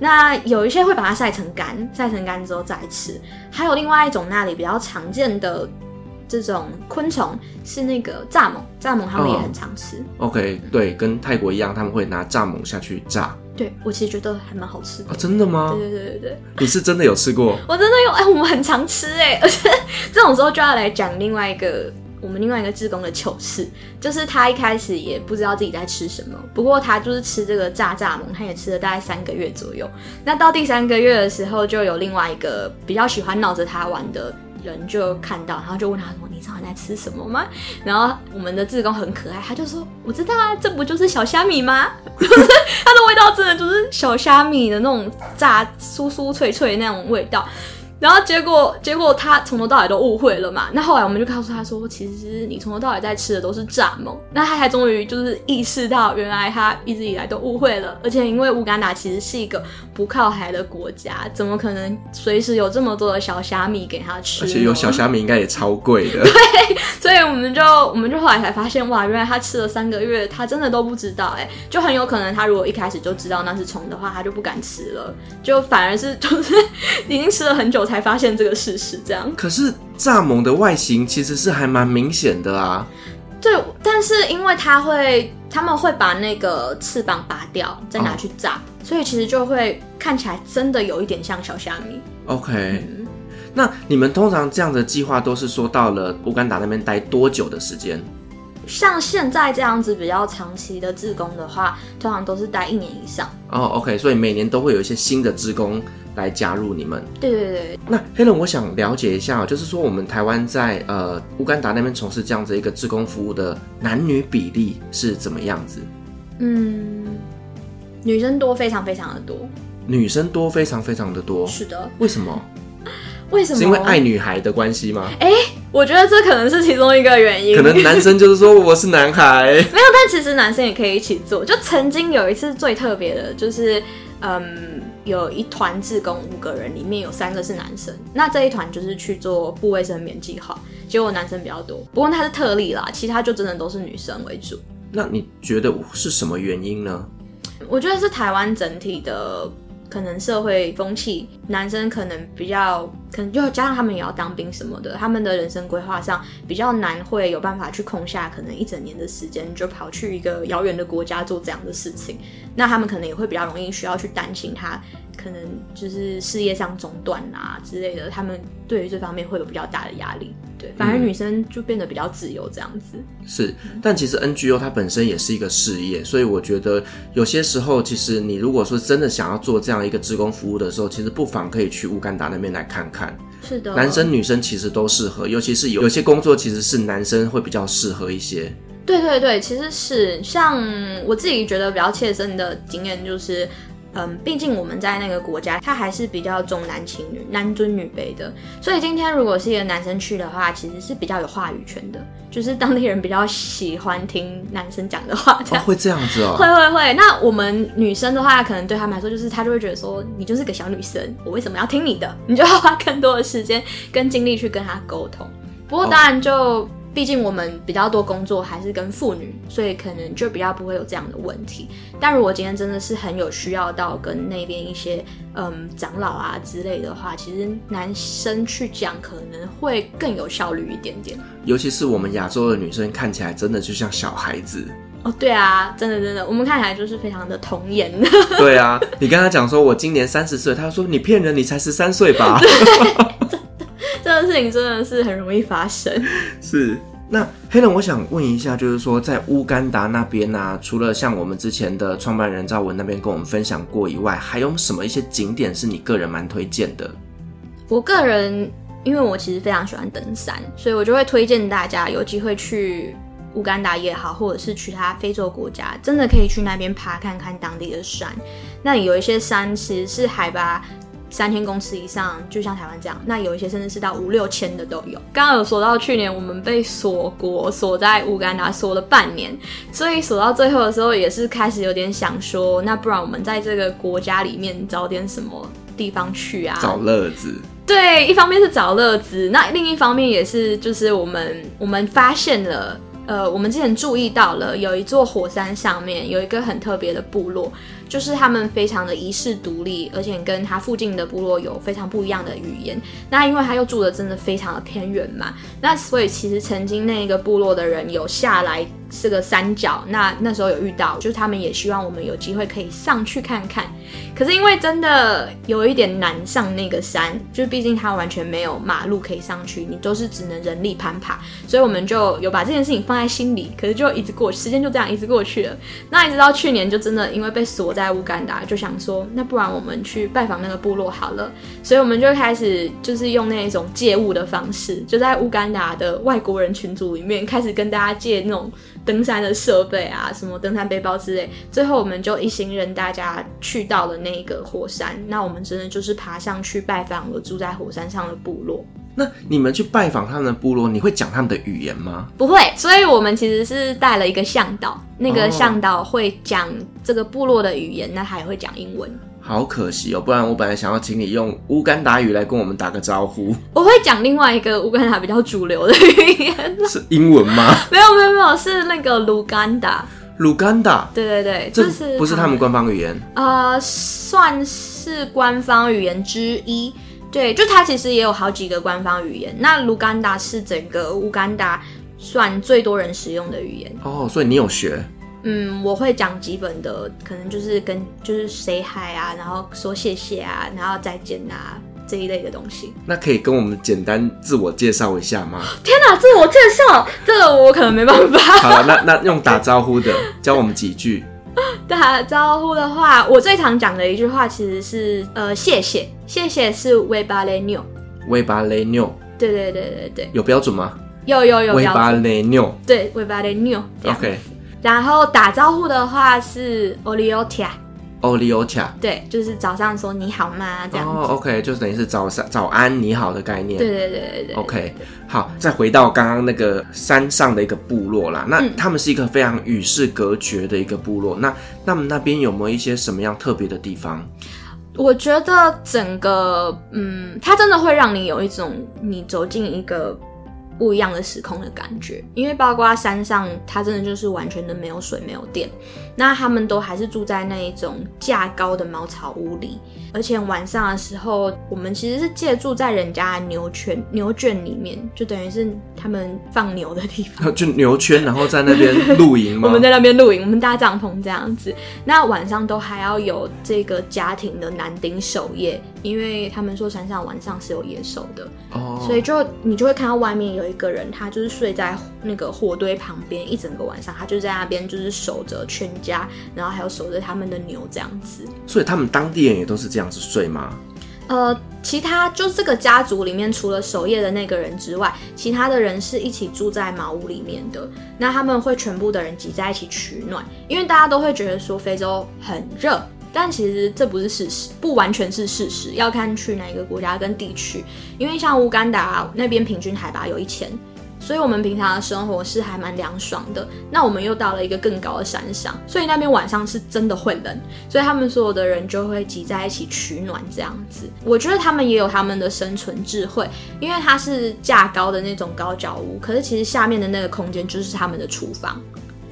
那有一些會把它曬成乾，曬成乾之後再吃。還有另外一種，那裡比較常見的。這種昆蟲是那個蚱蜢，蚱蜢他們也很常吃，嗯。OK，對，跟泰國一樣，他們會拿蚱蜢下去炸。對，我其實覺得還蠻好吃的，啊。真的嗎？對對對對對。你是真的有吃過？我真的有，哎，欸，我們很常吃哎，欸。而 且這種時候就要來講另外一個我們另外一個志工的糗事，就是他一開始也不知道自己在吃什麼，不過他就是吃這個炸蚱蜢，他也吃了大概三個月左右。那到第三個月的時候，就有另外一個比較喜歡鬧着他玩的。人就看到，然後就問他說：“你知道你在吃什麼嗎？”然後我們的志工很可愛，他就說：“我知道啊，這不就是小蝦米嗎？”它 的味道真的就是小蝦米的那種炸，酥酥脆脆的那種味道。然後結果，結果他從頭到尾都誤會了嘛。那後來我們就告訴他說，其實你從頭到尾在吃的都是蚱蜢。那他還終於就是意識到，原來他一直以來都誤會了。而且因為烏干達其實是一個不靠海的國家，怎麼可能隨時有這麼多的小蝦米給他吃？而且有小蝦米應該也超貴的。 對，所以我們就我們就後來才發現，哇，原來他吃了三個月，他真的都不知道、欸。哎，就很有可能他如果一開始就知道那是蟲的話，他就不敢吃了，就反而是就是已經吃了很久。才發現這個事實，這樣。可是蚱蜢的外形，其實是還蠻明顯的啊。對，但是因為它會，他們會把那個翅膀拔掉，再拿去炸，oh. 所以其實就會看起來真的有一點像小蝦米。OK，嗯，那你們通常這樣的計劃都是說到了烏干達那邊待多久的時間？像現在這樣子比較長期的志工的話，通常都是待一年以上。哦，oh, OK，所以每年都會有一些新的志工。來加入你們，對對對。那 Helen，我想了解一下，就是說我們台灣在呃烏干達那邊從事這樣子一個志工服務的男女比例是怎麼樣子？嗯，女生多，非常非常的多。女生多，非常非常的多。是的。為什麼？為什麼？是因為愛女孩的關係嗎？哎、欸，我覺得這可能是其中一個原因。可能男生就是說我是男孩， 沒有。但其實男生也可以一起做。就曾經有一次最特別的，就是嗯。有一團志工五個人，裡面有三個是男生，那這一團就是去做布衛生棉計劃，結果男生比較多。不過他是特例啦，其他就真的都是女生為主。那你覺得是什麼原因呢？我覺得是台灣整體的。可能社會風氣，男生可能比較，可能就加上他們也要當兵什麼的，他們的人生規劃上比較難會有辦法去空下，可能一整年的時間就跑去一個遙遠的國家做這樣的事情，那他們可能也會比較容易需要去擔心他。可能就是事業上中斷啊之類的，他們對於這方面會有比較大的壓力。對，反而女生就變得比較自由，這樣子。是，但其實 NGO 它本身也是一個事業，所以我覺得有些時候，其實你如果說真的想要做這樣一個志工服務的時候，其實不妨可以去烏干達那邊來看看。是的，男生女生其實都適合，尤其是有些工作其實是男生會比較適合一些。對對對，其實是像我自己覺得比較切身的經驗就是。嗯，畢竟我們在那個國家，他還是比較重男輕女，男尊女卑的，所以今天如果是一個男生去的話，其實是比較有話語權的，就是當地人比較喜歡聽男生講的話。哦，會這樣子哦？會會會。那我們女生的話，可能對他們來說，就是他就會覺得說，你就是個小女生，我為什麼要聽你的？你就要花更多的時間跟精力去跟他溝通。不過當然就，哦畢竟我們比較多工作，還是跟婦女，所以可能就比較不會有這樣的問題。但如果今天真的是很有需要到跟那邊一些嗯長老啊之類的話，其實男生去講可能會更有效率一點點。尤其是我們亞洲的女生，看起來真的就像小孩子哦。對啊，真的真的，我們看起來就是非常的童顏。 對啊，你跟他講說我今年三十歲，他說你騙人，你才十三歲吧？對 事情真的是很容易發生。是，那 Helen，我想問一下，就是說，在烏干達那邊呢、啊，除了像我們之前的創辦人趙文那邊跟我們分享過以外，還有什麼一些景點是你個人蠻推薦的？我個人，因為我其實非常喜歡登山，所以我就會推薦大家有機會去烏干達也好，或者是去其他非洲國家，真的可以去那邊爬看看當地的山。那有一些山其實是海拔三千公尺以上，就像台灣這樣。那有一些甚至是到五六千的都有。剛剛有說到去年我們被鎖國，鎖在烏干達鎖了半年，所以鎖到最後的時候也是開始有點想說，那不然我們在這個國家裡面找點什麼地方去啊？找樂子。對，一方面是找樂子，那另一方面也是就是我們我們發現了，呃，我們之前注意到了，有一座火山上面有一個很特別的部落。就是他們非常的遺世獨立，而且跟他附近的部落有非常不一樣的語言。那因為他又住的真的非常的偏遠嘛，那所以其實曾經那個部落的人有下來。是個山腳，那那時候有遇到，就是他們也希望我們有機會可以上去看看，可是因為真的有一點難上那個山，就畢竟它完全沒有馬路可以上去，你都是只能人力攀爬，所以我們就有把這件事情放在心裡，可是就一直過去，時間就這樣一直過去了，那一直到去年就真的因為被鎖在烏干達，就想說那不然我們去拜訪那個部落好了，所以我們就開始就是用那種借物的方式，就在烏干達的外國人群組裡面開始跟大家借那種。登山的設備啊，什麼登山背包之類，最後我們就一行人大家去到了那個火山。那我們真的就是爬上去拜訪了住在火山上的部落。那你們去拜訪他們的部落，你會講他們的語言嗎？不會，所以我們其實是帶了一個向導，那個向導會講這個部落的語言，那他也會講英文。好可惜哦，不然我本來想要請你用烏干達語來跟我們打個招呼。我會講另外一個烏干達比較主流的語言。是英文嗎？ 沒有沒有沒有，是那個盧干達。盧干達？對對對，這是不是他們官方語言？呃，算是官方語言之一。對，就它其實也有好幾個官方語言。那盧干達是整個烏干達算最多人使用的語言哦，oh, 所以你有學？嗯，我會講基本的，可能就是跟就是 say hi 啊，然後說謝謝啊，然後再見啊這一類的東西。那可以跟我們簡單自我介紹一下嗎？天哪，自我介紹，這個我可能沒辦法。 好了，那那用打招呼的 教我們幾句。 打招呼的話，我最常講的一句話其實是呃謝謝，謝謝是 Weba Le Niu。Weba Le Niu。對對對對對。有標準嗎？有有有。Weba Le Niu，對，Weba Le Niu。OK。然後打招呼的話是 Oliotia，Oliotia，對，就是早上說你好嗎這樣。哦、oh，OK，就等於是早上早安，你好的概念。對對對對對。OK，好，再回到剛剛那個山上的一個部落啦，那、嗯，他們是一個非常與世隔絕的一個部落。那他們那邊有沒有一些什麼樣特別的地方？我覺得整個，嗯，它真的會讓你有一種你走進一個。不一樣的時空的感覺，因為包括山上它真的就是完全的沒有水、沒有電，那他們都還是住在那一種架高的茅草屋裡，而且晚上的時候，我們其實是借住在人家的牛圈、牛圈裡面，就等於是他們放牛的地方，就牛圈，然後在那邊露營， 我們在那邊露營，我們搭帳篷這樣子，那晚上都還要有這個家庭的男丁守夜。因為他們說山上晚上是有野獸的，哦，所以就你就會看到外面有一個人，他就是睡在那個火堆旁邊一整個晚上，他就在那邊就是守着全家，然後還有守着他們的牛這樣子。所以他們當地人也都是這樣子睡嗎？呃，其他就這個家族裡面，除了守夜的那個人之外，其他的人是一起住在茅屋裡面的。那他們會全部的人擠在一起取暖，因為大家都會覺得說非洲很熱。但其實這不是事實，不完全是事實，要看去哪一個國家跟地區。因為像烏干達那邊平均海拔有一千，所以我們平常的生活是還蠻涼爽的。那我們又到了一個更高的山上，所以那邊晚上是真的會冷，所以他們所有的人就會擠在一起取暖這樣子。我覺得他們也有他們的生存智慧，因為它是架高的那種高腳屋，可是其實下面的那個空間就是他們的廚房。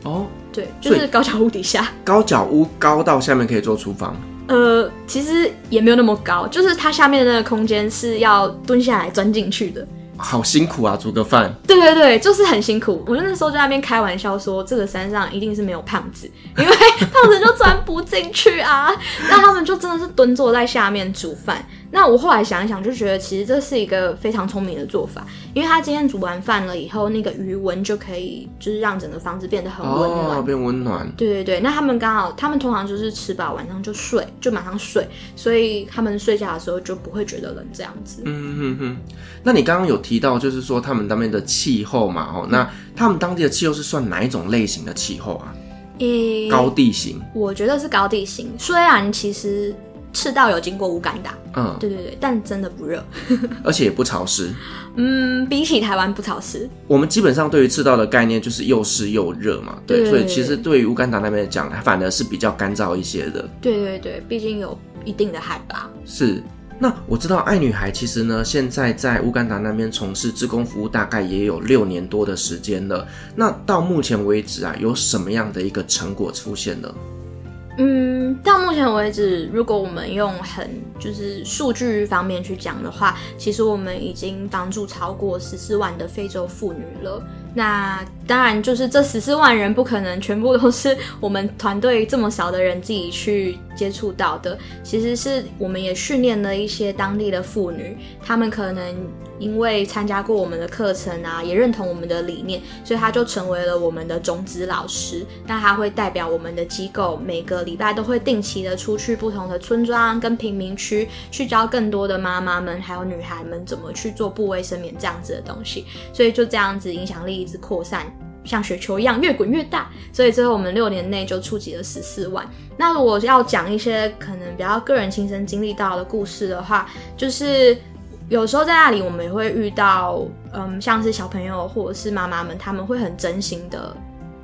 哦，對，就是高腳屋底下。高腳屋高到下面可以做廚房？呃，其實也沒有那麼高，就是它下面的那個空間是要蹲下來鑽進去的，好辛苦啊！煮個飯，對對對，就是很辛苦。我就那時候在那邊開玩笑說，這個山上一定是沒有胖子，因為 胖子就鑽不進去啊。那 他們就真的是蹲坐在下面煮飯。那我後來想一想，就覺得其實這是一個非常聰明的做法，因為他今天煮完飯了以後，那個餘溫就可以，就是讓整個房子變得很溫暖，哦、變溫暖。對對對，那他們剛好，他們通常就是吃飽晚上就睡，就馬上睡，所以他們睡覺的時候就不會覺得冷這樣子。嗯哼哼，那你剛剛有提到，就是說他們那邊的氣候嘛，哦，那他們當地的氣候是算哪一種類型的氣候啊？誒、欸，高地型。我覺得是高地型，雖然其實。赤道有經過烏干達，嗯，對對對，但真的不熱， 而且也不潮濕。嗯，比起台灣不潮濕。我們基本上對於赤道的概念就是又濕又熱嘛，對，對對對對，所以其實對於烏干達那邊講，它反而是比較乾燥一些的。對對對，畢竟有一定的海拔。是。那我知道愛女孩其實呢，現在在烏干達那邊從事志工服務，大概也有六年多的時間了。那到目前為止啊，有什麼樣的一個成果出現呢？嗯，到目前為止，如果我們用很，就是數據方面去講的話，其實我們已經幫助超過十四萬的非洲婦女了。那。當然，就是這十四萬人不可能全部都是我們團隊這麼少的人自己去接觸到的。其實是我們也訓練了一些當地的婦女，她們可能因為參加過我們的課程啊，也認同我們的理念，所以她就成為了我們的種子老師。那她會代表我們的機構，每個禮拜都會定期的出去不同的村莊跟貧民區去教更多的媽媽們還有女孩們怎麼去做布衛生棉這樣子的東西。所以就這樣子，影響力一直擴散。像雪球一樣越滾越大，所以最後我們六年內就觸及了十四萬。那如果要講一些可能比較個人親身經歷到的故事的話，就是有時候在那裡我們也會遇到，嗯，像是小朋友或者是媽媽們，他們會很真心的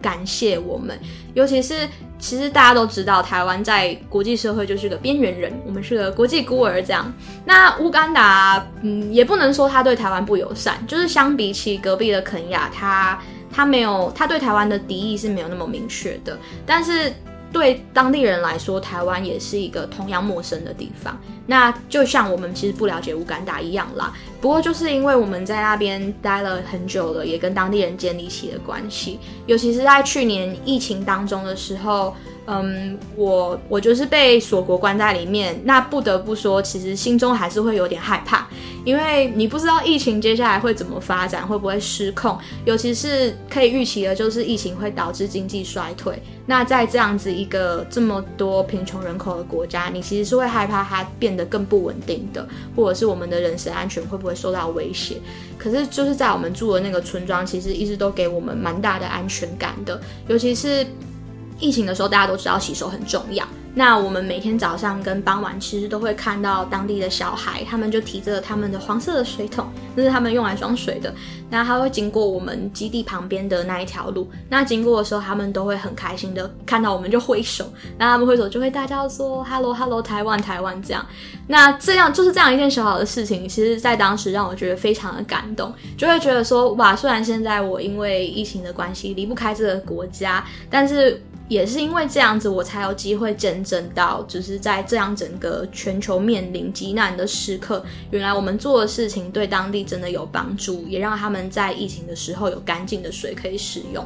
感謝我們。尤其是其實大家都知道，台灣在國際社會就是個邊緣人，我們是個國際孤兒這樣。那烏干達，嗯，也不能說他對台灣不友善，就是相比起隔壁的肯亞，他。他沒有，他對台灣的敵意是沒有那麼明確的，但是對當地人來說，台灣也是一個同樣陌生的地方。那就像我們其實不了解烏干達一樣啦。不過就是因為我們在那邊待了很久了，也跟當地人建立起了關係，尤其是在去年疫情當中的時候。嗯，我我就是被鎖國關在裡面，那不得不說，其實心中還是會有點害怕，因為你不知道疫情接下來會怎麼發展，會不會失控。尤其是可以預期的，就是疫情會導致經濟衰退。那在這樣子一個這麼多貧窮人口的國家，你其實是會害怕它變得更不穩定的，或者是我們的人身安全會不會受到威脅。可是就是在我們住的那個村莊，其實一直都給我們蠻大的安全感的，尤其是。疫情的時候，大家都知道洗手很重要。那我們每天早上跟傍晚，其實都會看到當地的小孩，他們就提着他們的黃色的水桶，那是他們用來裝水的。那他會經過我們基地旁邊的那一條路，那經過的時候，他們都會很開心的看到我們就揮手。那他們揮手就會大叫說：“Hello，Hello，台灣，台灣！”這樣。那這樣就是這樣一件小小的事情，其實在當時讓我覺得非常的感動，就會覺得說：“哇，雖然現在我因為疫情的關係離不開這個國家，但是。”也是因為這樣子，我才有機會見證到，只、就是在這樣整個全球面臨極難的時刻，原來我們做的事情對當地真的有幫助，也讓他們在疫情的時候有乾淨的水可以使用。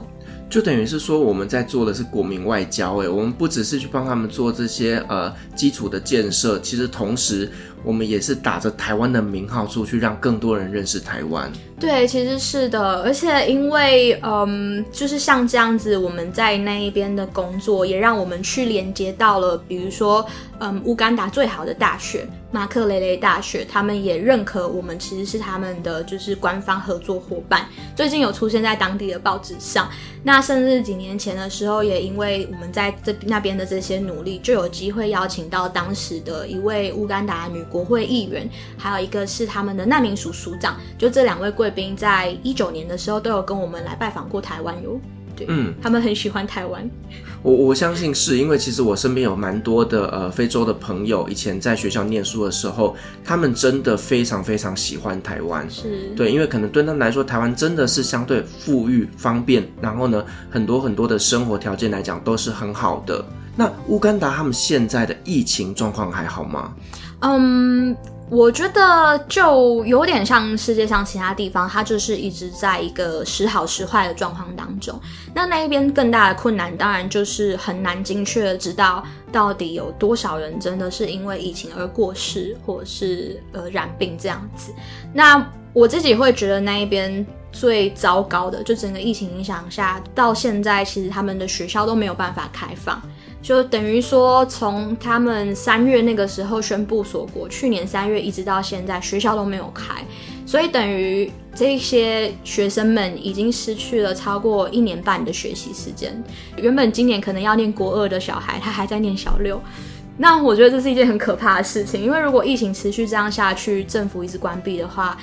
就等於是說，我們在做的是國民外交、欸。誒，我們不只是去幫他們做這些呃基礎的建設，其實同時我們也是打着台灣的名號出去，讓更多人認識台灣。對，其實是的，而且因為，嗯，就是像這樣子，我們在那一邊的工作也讓我們去連接到了，比如說，嗯，烏干達最好的大學——馬克雷雷大學，他們也認可我們其實是他們的就是官方合作夥伴。最近有出現在當地的報紙上，那甚至幾年前的時候，也因為我們在這那邊的這些努力，就有機會邀請到當時的一位烏干達女國會議員，還有一個是他們的難民署署長，就這兩位貴。貴賓在一九年的時候都有跟我們來拜訪過台灣喲，對，嗯，他們很喜歡台灣。我我相信是因為其實我身邊有蠻多的呃非洲的朋友，以前在學校念書的時候，他們真的非常非常喜歡台灣，是對，因為可能對他們來說，台灣真的是相對富裕、方便，然後呢，很多很多的生活條件來講都是很好的。那烏干達他們現在的疫情狀況還好嗎？嗯。我覺得就有點像世界上其他地方，它就是一直在一個時好時壞的狀況當中。那那一邊更大的困難，當然就是很難精確的知道到底有多少人真的是因為疫情而過世，或者是呃染病這樣子。那我自己會覺得那一邊最糟糕的，就整個疫情影響下，到現在其實他們的學校都沒有辦法開放。就等於說，從他們三月那個時候宣布鎖國，去年三月一直到現在，學校都沒有開，所以等於這些學生們已經失去了超過一年半的學習時間。原本今年可能要念國二的小孩，他還在念小六。那我覺得這是一件很可怕的事情，因為如果疫情持續這樣下去，政府一直關閉的話，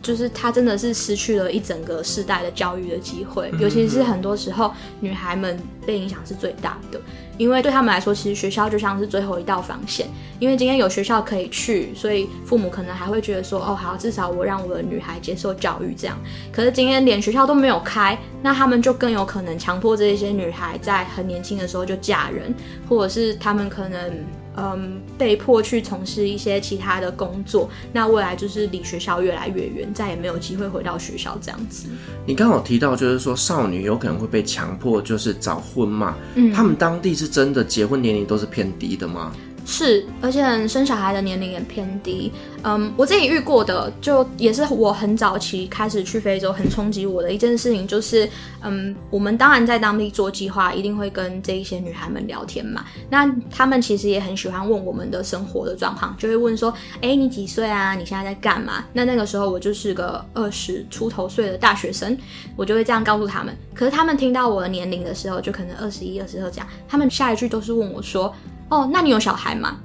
就是他真的是失去了一整個世代的教育的機會，尤其是很多時候女孩們被影響是最大的。因為對他們來說，其實學校就像是最後一道防線。因為今天有學校可以去，所以父母可能還會覺得說：“哦，好，至少我讓我的女孩接受教育。”這樣。可是今天連學校都沒有開，那他們就更有可能強迫這些女孩在很年輕的時候就嫁人，或者是他們可能。嗯，被迫去從事一些其他的工作，那未來就是離學校越來越遠，再也沒有機會回到學校這樣子。你剛好提到，就是說少女有可能會被強迫，就是早婚嘛？嗯，他們當地是真的結婚年齡都是偏低的嗎？是，而且生小孩的年齡也偏低。嗯，我自己遇過的，就也是我很早期開始去非洲，很衝擊我的一件事情，就是，嗯，我們當然在當地做計劃，一定會跟這些女孩們聊天嘛。那她們其實也很喜歡問我們的生活的狀況，就會問說：“誒，你幾歲啊？你現在在幹嘛？”那那個時候我就是個二十出頭歲的大學生，我就會這樣告訴他們。可是他們聽到我的年齡的時候，就可能二十一、二十二這樣。他們下一句都是問我說，哦，那你有小孩嗎？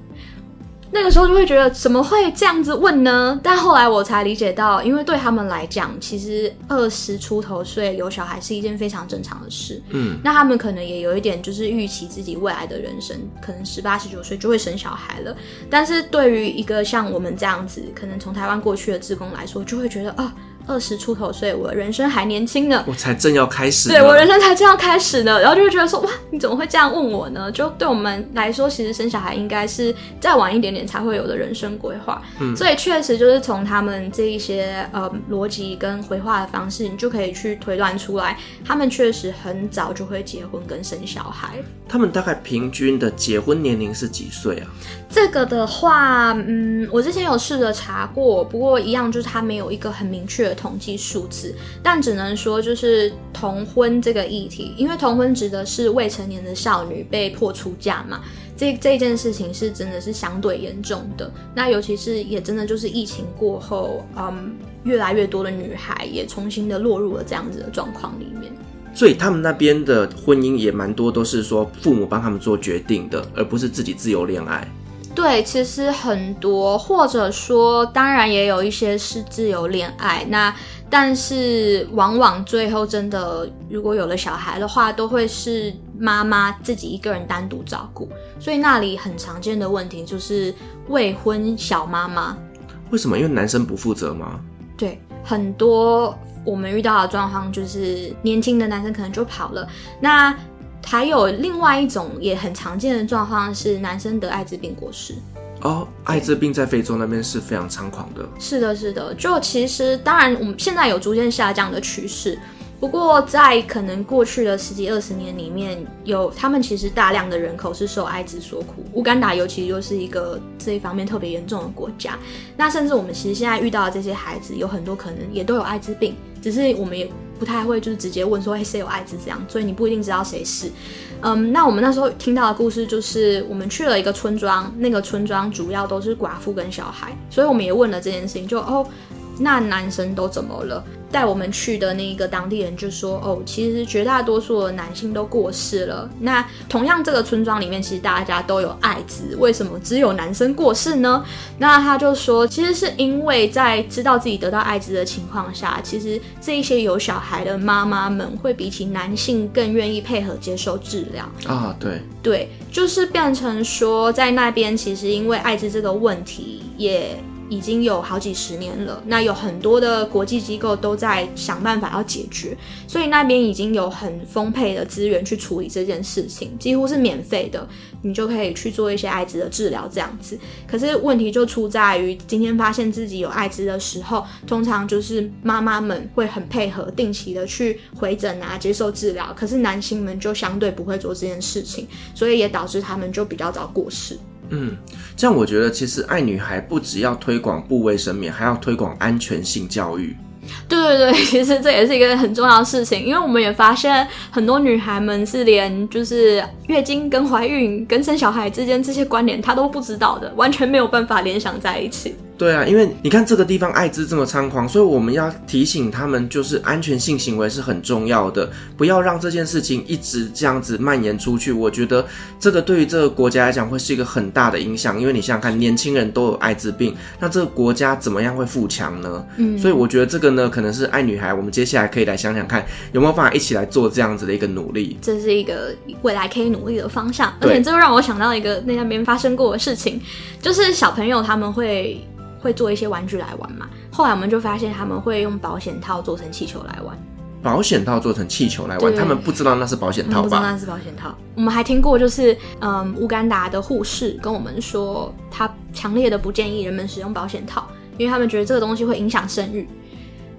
那個時候就會覺得怎麼會這樣子問呢？但後來我才理解到，因為對他們來講，其實二十出頭歲有小孩是一件非常正常的事。嗯，那他們可能也有一點就是預期自己未來的人生，可能十八、十九歲就會生小孩了。但是對於一個像我們這樣子，可能從台灣過去的志工來說，就會覺得啊。二十出頭歲，所以我的人生還年輕呢。我才正要開始，對我人生才正要開始呢。然後就會覺得說哇，你怎麼會這樣問我呢？就對我們來說，其實生小孩應該是再晚一點點才會有的人生規劃。嗯，所以確實就是從他們這一些呃邏輯跟回話的方式，你就可以去推斷出來，他們確實很早就會結婚跟生小孩。他們大概平均的結婚年齡是幾歲啊？這個的話，嗯，我之前有試着查過，不過一樣就是他沒有一個很明確。統計數字，但只能說就是童婚這個議題，因為童婚指的是未成年的少女被迫出嫁嘛，這這件事情是真的是相對嚴重的。那尤其是也真的就是疫情過後，嗯，越來越多的女孩也重新的落入了這樣子的狀況裡面。所以他們那邊的婚姻也蠻多都是說父母幫他們做決定的，而不是自己自由戀愛。對，其實很多，或者說，當然也有一些是自由戀愛，那但是往往最後真的，如果有了小孩的話，都會是媽媽自己一個人單獨照顧，所以那裡很常見的問題就是未婚小媽媽。為什麼？因為男生不負責嗎？對，很多我們遇到的狀況就是年輕的男生可能就跑了，那。還有另外一種也很常見的狀況是男生得艾滋病過世。哦，艾滋病在非洲那邊是非常猖狂的。是的，是的，就其實當然我們現在有逐漸下降的趨勢，不過在可能過去的十幾二十年裡面，有他們其實大量的人口是受艾滋所苦。烏干達尤其又是一個這一方面特別嚴重的國家。那甚至我們其實現在遇到的這些孩子，有很多可能也都有艾滋病，只是我們也。不太會就是直接問說，誒，誰有艾滋這樣，所以你不一定知道誰是。嗯，那我們那時候聽到的故事就是，我們去了一個村莊，那個村莊主要都是寡婦跟小孩，所以我們也問了這件事情，就哦。那男生都怎麼了？帶我們去的那個當地人就說：“哦，其實絕大多數的男性都過世了。那同樣，這個村莊裡面其實大家都有艾滋，為什麼只有男生過世呢？那他就說，其實是因為在知道自己得到艾滋的情況下，其實這一些有小孩的媽媽們會比起男性更願意配合接受治療啊。對對，就是變成說，在那邊其實因為艾滋這個問題也。”已經有好幾十年了，那有很多的國際機構都在想辦法要解決，所以那邊已經有很豐沛的資源去處理這件事情，幾乎是免費的，你就可以去做一些艾滋的治療這樣子。可是問題就出在於，今天發現自己有艾滋的時候，通常就是媽媽們會很配合，定期的去回診啊，接受治療。可是男性們就相對不會做這件事情，所以也導致他們就比較早過世。嗯，這樣我覺得其實愛女孩不只要推廣布衛生棉，還要推廣安全性教育。對對對，其實這也是一個很重要的事情，因為我們也發現很多女孩們是連就是月經跟懷孕跟生小孩之間這些關聯她都不知道的，完全沒有辦法聯想在一起。對啊，因為你看這個地方艾滋這麼猖狂，所以我們要提醒他們，就是安全性行為是很重要的，不要讓這件事情一直這樣子蔓延出去。我覺得這個對於這個國家來講會是一個很大的影響，因為你想想看，年輕人都有艾滋病，那這個國家怎麼樣會富強呢？嗯，所以我覺得這個呢，可能是愛女孩，我們接下來可以來想想看，有沒有辦法一起來做這樣子的一個努力，這是一個未來可以努力的方向。而且這又讓我想到一個那那邊發生過的事情，就是小朋友他們會。會做一些玩具來玩嘛？後來我們就發現他們會用保險套做成氣球來玩，保險套做成氣球來玩，對他們不知道那是保險套吧？那是保險套。我們還聽過，就是嗯，烏干達的護士跟我們說，他強烈的不建議人們使用保險套，因為他們覺得這個東西會影響生育。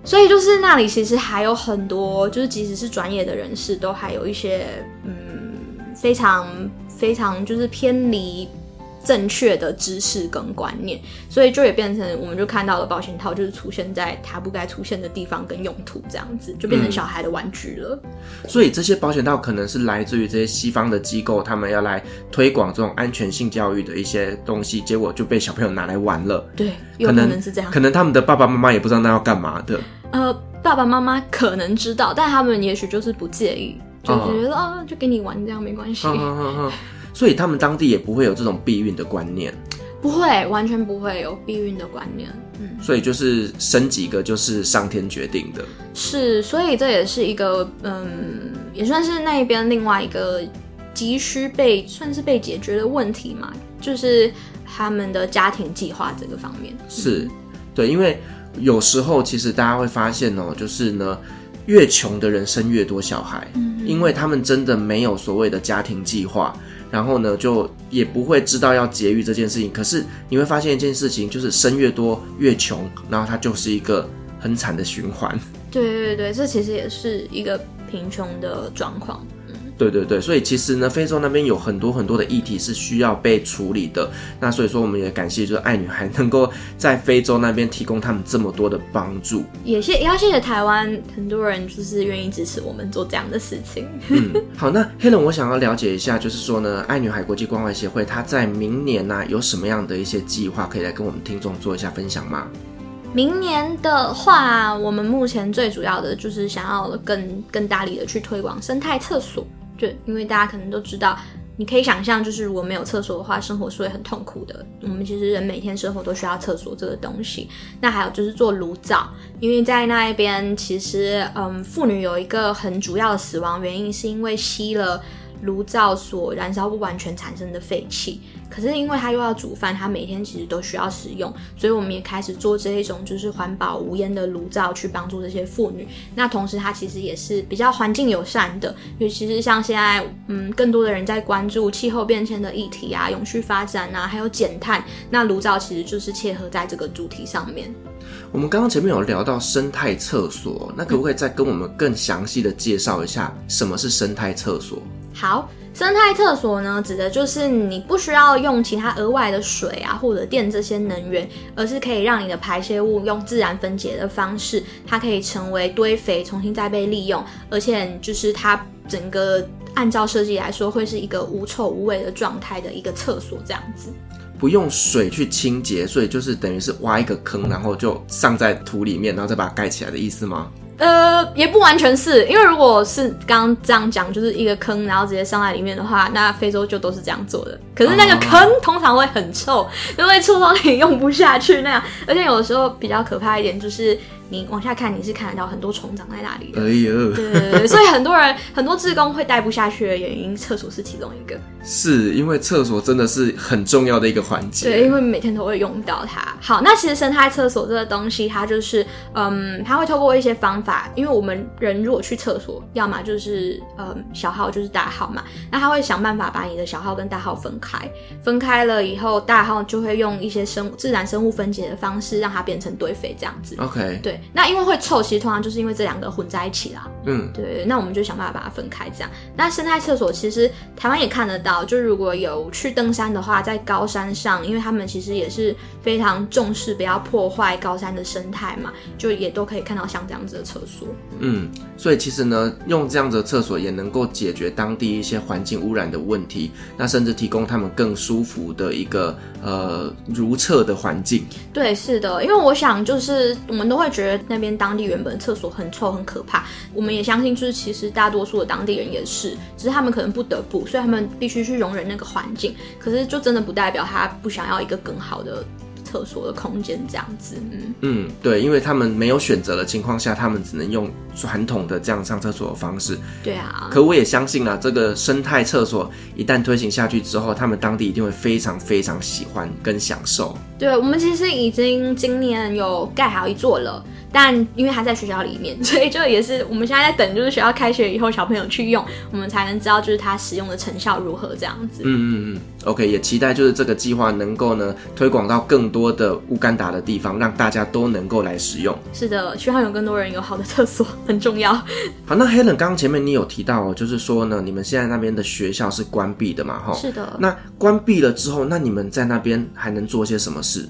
所以就是那裡其實還有很多，就是即使是專業的人士，都還有一些嗯，非常非常就是偏離。正確的知識跟觀念，所以就也變成，我們就看到了保險套就是出現在他不該出現的地方跟用途，這樣子就變成小孩的玩具了。嗯、所以這些保險套可能是來自於這些西方的機構，他們要來推廣這種安全性教育的一些東西，結果就被小朋友拿來玩了。對，有可能是這樣。可能他們的爸爸媽媽也不知道那要幹嘛的。呃，爸爸媽媽可能知道，但他們也許就是不介意，就覺得啊、Oh. 哦，就給你玩這樣沒關係。Oh, oh, oh, oh. 所以他們當地也不會有這種避孕的觀念？不會，完全不會有避孕的觀念。嗯，所以就是生幾個就是上天決定的。是，所以這也是一個嗯，也算是那邊另外一個急需被算是被解決的問題嘛，就是他們的家庭計劃這個方面。嗯，是對，因為有時候其實大家會發現哦，就是呢，越窮的人生越多小孩，嗯哼，因為他們真的沒有所謂的家庭計劃。然後呢，就也不會知道要節育這件事情。可是你會發現一件事情，就是生越多越窮，然後它就是一個很慘的循環。對對對，這其實也是一個貧窮的狀況。對對對，所以其實呢，非洲那邊有很多很多的議題是需要被處理的。那所以說，我們也感謝就是愛女孩能夠在非洲那邊提供他們這麼多的幫助。也謝要謝謝台灣很多人就是願意支持我們做這樣的事情。 嗯，好，那 Helen，我想要了解一下，就是說呢，愛女孩國際關懷協會它在明年呢、啊、有什麼樣的一些計劃，可以來跟我們聽眾做一下分享嗎？明年的話，我們目前最主要的就是想要更更大力的去推廣生態廁所。因為大家可能都知道，你可以想象，就是如果沒有廁所的話，生活是會很痛苦的。我們其實人每天生活都需要廁所這個東西。那還有就是做爐灶，因為在那一邊，其實嗯，婦女有一個很主要的死亡原因，是因為吸了。爐灶所燃燒不完全產生的廢氣，可是因為它又要煮飯，它每天其實都需要使用，所以我們也開始做這一種就是環保無煙的爐灶，去幫助這些婦女。那同時，它其實也是比較環境友善的，尤其是像現在，嗯，更多的人在關注氣候變遷的議題啊、永續發展啊，還有減碳。那爐灶其實就是切合在這個主題上面。我們剛剛前面有聊到生態廁所，那可不可以再跟我們更詳細的介紹一下什麼是生態廁所？好，生態廁所呢，指的就是你不需要用其他額外的水啊、或者電這些能源，而是可以讓你的排泄物用自然分解的方式，它可以成為堆肥，重新再被利用，而且就是它整個按照設計來說，會是一個無臭無味的狀態的一個廁所，這樣子。不用水去清潔，所以就是等於是挖一個坑，然後就上在土裡面，然後再把它蓋起來的意思嗎？呃，也不完全是。因為如果是剛剛這樣講，就是一個坑，然後直接上來裡面的話，那非洲就都是這樣做的。可是那個坑、oh. 通常會很臭，因為臭到你也用不下去那樣，而且有的時候比較可怕一點就是。你往下看，你是看得到很多蟲長在那裡的。哎呦。對，所以很多人 很多志工會待不下去的原因，廁所是其中一個。是因為廁所真的是很重要的一個環節。對，因為每天都會用到它。好，那其實生態廁所這個東西，它就是嗯，它會透過一些方法，因為我們人如果去廁所，要麼就是呃、嗯、小號就是大號嘛，那他會想辦法把你的小號跟大號分開，分開了以後，大號就會用一些生自然生物分解的方式，讓它變成堆肥這樣子。OK，對。那因為會臭，其實通常就是因為這兩個混在一起啦。嗯，對。那我們就想辦法把它分開，這樣。那生態廁所其實台灣也看得到，就如果有去登山的話，在高山上，因為他們其實也是非常重視不要破壞高山的生態嘛，就也都可以看到像這樣子的廁所。嗯，所以其實呢，用這樣子的廁所也能夠解決當地一些環境汙染的問題，那甚至提供他們更舒服的一個，呃，如廁的環境。對，是的，因為我想就是我們都會覺得。那邊當地原本廁所很臭，很可怕，我們也相信，就是其實大多數的當地人也是，只是他們可能不得不，所以他們必須去容忍那個環境。可是就真的不代表他不想要一個更好的廁所的空間這樣子。嗯嗯，對，因為他們沒有選擇的情況下，他們只能用傳統的這樣上廁所的方式。對啊。可我也相信啦，這個生態廁所一旦推行下去之後，他們當地一定會非常非常喜歡跟享受。對，我們其實已經今年有蓋好一座了。但因為他在學校裡面，所以就也是我們現在在等，就是學校開學以後，小朋友去用，我們才能知道就是它使用的成效如何這樣子。嗯嗯嗯，OK，也期待就是這個計劃能夠呢推廣到更多的烏干達的地方，讓大家都能夠來使用。是的，希望有更多人有好的廁所，很重要。好，那 Helen，剛剛前面你有提到喔，哦，就是說呢，你們現在那邊的學校是關閉的嘛？吼，是的。那關閉了之後，那你們在那邊還能做些什麼事？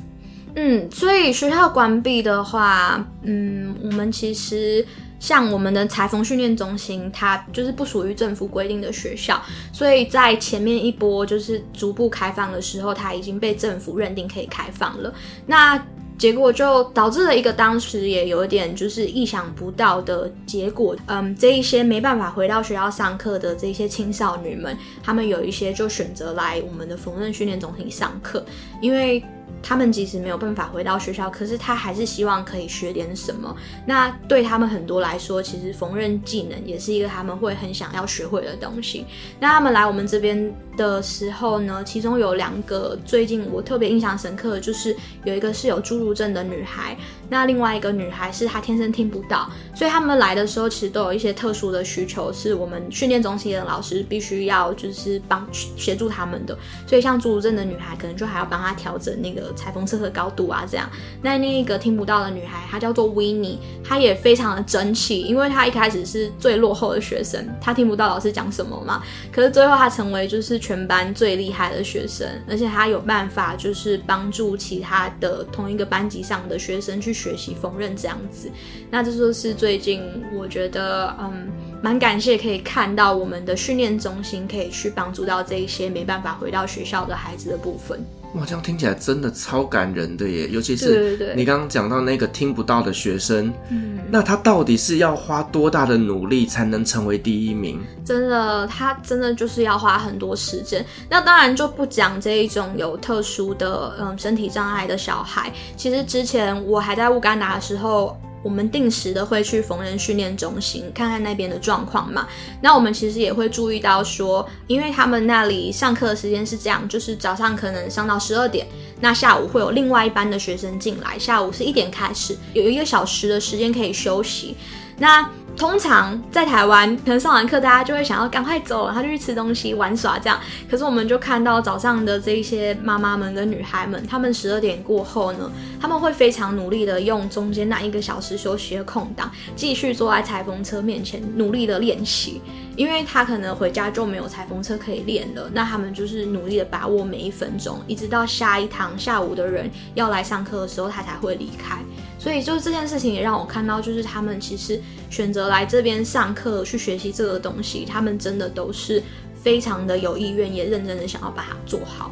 嗯，所以學校關閉的話，嗯，我們其實像我們的裁縫訓練中心，它就是不屬於政府規定的學校，所以在前面一波就是逐步開放的時候，它已經被政府認定可以開放了。那結果就導致了一個當時也有一點就是意想不到的結果，嗯，這一些沒辦法回到學校上課的這些青少女們，他們有一些就選擇來我們的縫紉訓練中心上課，因為，他們即使沒有辦法回到學校，可是他還是希望可以學點什麼。那對他們很多來說，其實縫紉技能也是一個他們會很想要學會的東西。那他們來我們這邊的時候呢，其中有兩個最近我特別印象深刻的就是有一個是有侏儒症的女孩。那另外一個女孩是她天生聽不到，所以他們來的時候其實都有一些特殊的需求，是我們訓練中心的老師必須要就是幫協助他們的。所以像侏儒症的女孩，可能就還要幫她調整那個裁縫車的高度啊，這樣。那另一個聽不到的女孩，她叫做維尼，她也非常的爭氣，因為她一開始是最落後的學生，她聽不到老師講什麼嘛。可是最後她成為就是全班最厲害的學生，而且她有辦法就是幫助其他的同一個班級上的學生去。學習縫紉這樣子，那這就是最近我覺得，嗯。蠻感謝可以看到我們的訓練中心可以去幫助到這一些沒辦法回到學校的孩子的部分。哇，這樣聽起來真的超感人的耶，尤其是你剛剛講到那個聽不到的學生，對對對，那他到底是要花多大的努力才能成為第一名？真的，他真的就是要花很多時間。那當然就不講這一種有特殊的嗯身體障礙的小孩，其實之前我還在烏干達的時候。我們定時的會去縫紉訓練中心看看那邊的狀況嘛。那我們其實也會注意到說，因為他們那裡上課的時間是這樣，就是早上可能上到十二點，那下午會有另外一班的學生進來，下午是一點開始，有一個小時的時間可以休息。那通常在台灣，可能上完課大家就會想要趕快走，然後就去吃東西、玩耍這樣。可是我們就看到早上的這一些媽媽們跟女孩們，她們十二點過後呢，他們會非常努力的用中間那一個小時休息的空檔，繼續坐在裁縫車面前努力的練習。因為他可能回家就沒有裁縫車可以練了，那他們就是努力的把握每一分鐘，一直到下一堂下午的人要來上課的時候，他才會離開。所以就是這件事情也讓我看到，就是他們其實選擇來這邊上課去學習這個東西，他們真的都是非常的有意願，也認真的想要把它做好。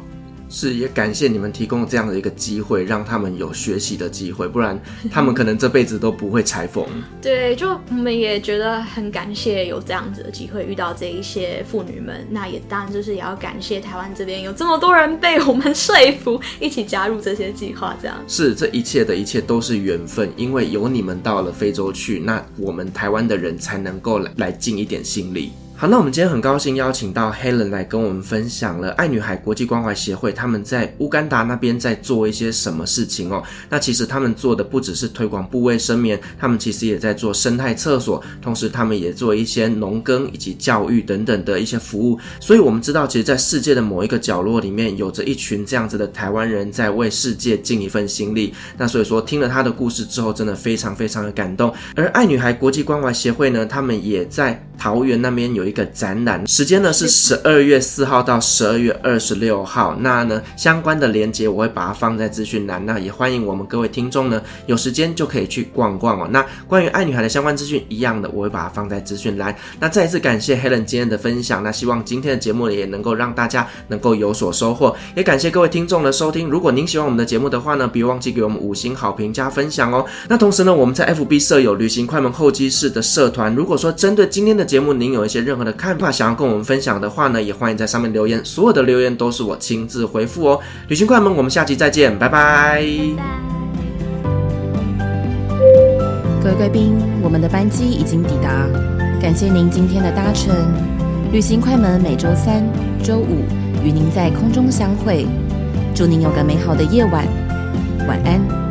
是，也感謝你們提供這樣的一個機會，讓他們有學習的機會，不然他們可能這輩子都不會裁縫。 對，就我們也覺得很感謝有這樣子的機會，遇到這一些婦女們，那也當然就是也要感謝台灣這邊有這麼多人被我們說服，一起加入這些計劃，這樣。是，這一切的一切都是緣分，因為有你們到了非洲去，那我們台灣的人才能夠來來盡一點心力。好，那我們今天很高興邀請到 Helen 來跟我們分享了愛女孩國際關懷協會他們在烏干達那邊在做一些什麼事情哦。那其實他們做的不只是推廣布衛生棉，他們其實也在做生態廁所，同時他們也做一些農耕以及教育等等的一些服務。所以，我們知道，其實，在世界的某一個角落裡面，有着一群這樣子的台灣人在為世界盡一份心力。那所以說，聽了他的故事之後，真的非常非常的感動。而愛女孩國際關懷協會呢，他們也在桃園那邊有一一個展覽，時間呢是十二月四號到十二月二十六號。那呢相關的鏈接我會把它放在資訊欄，那也歡迎我們各位聽眾呢有時間就可以去逛逛哦、喔。那關於愛女孩的相關資訊一樣的，我會把它放在資訊欄。那再一次感謝 Helen 今天的分享，那希望今天的節目也能夠讓大家能夠有所收穫。也感謝各位聽眾的收聽。如果您喜歡我們的節目的話呢，別忘記給我們五星好評加分享哦、喔。那同時呢我們在 FB 設有旅行快門候機室的社團，如果說針對今天的節目您有一些任何。的看法，想要跟我們分享的話呢，也歡迎在上面留言。所有的留言都是我親自回覆哦。旅行快門，我們下期再見，拜拜。拜拜，各位貴賓，我們的班機已經抵達，感謝您今天的搭乘。旅行快門，每周三、周五與您在空中相會，祝您有個美好的夜晚，晚安。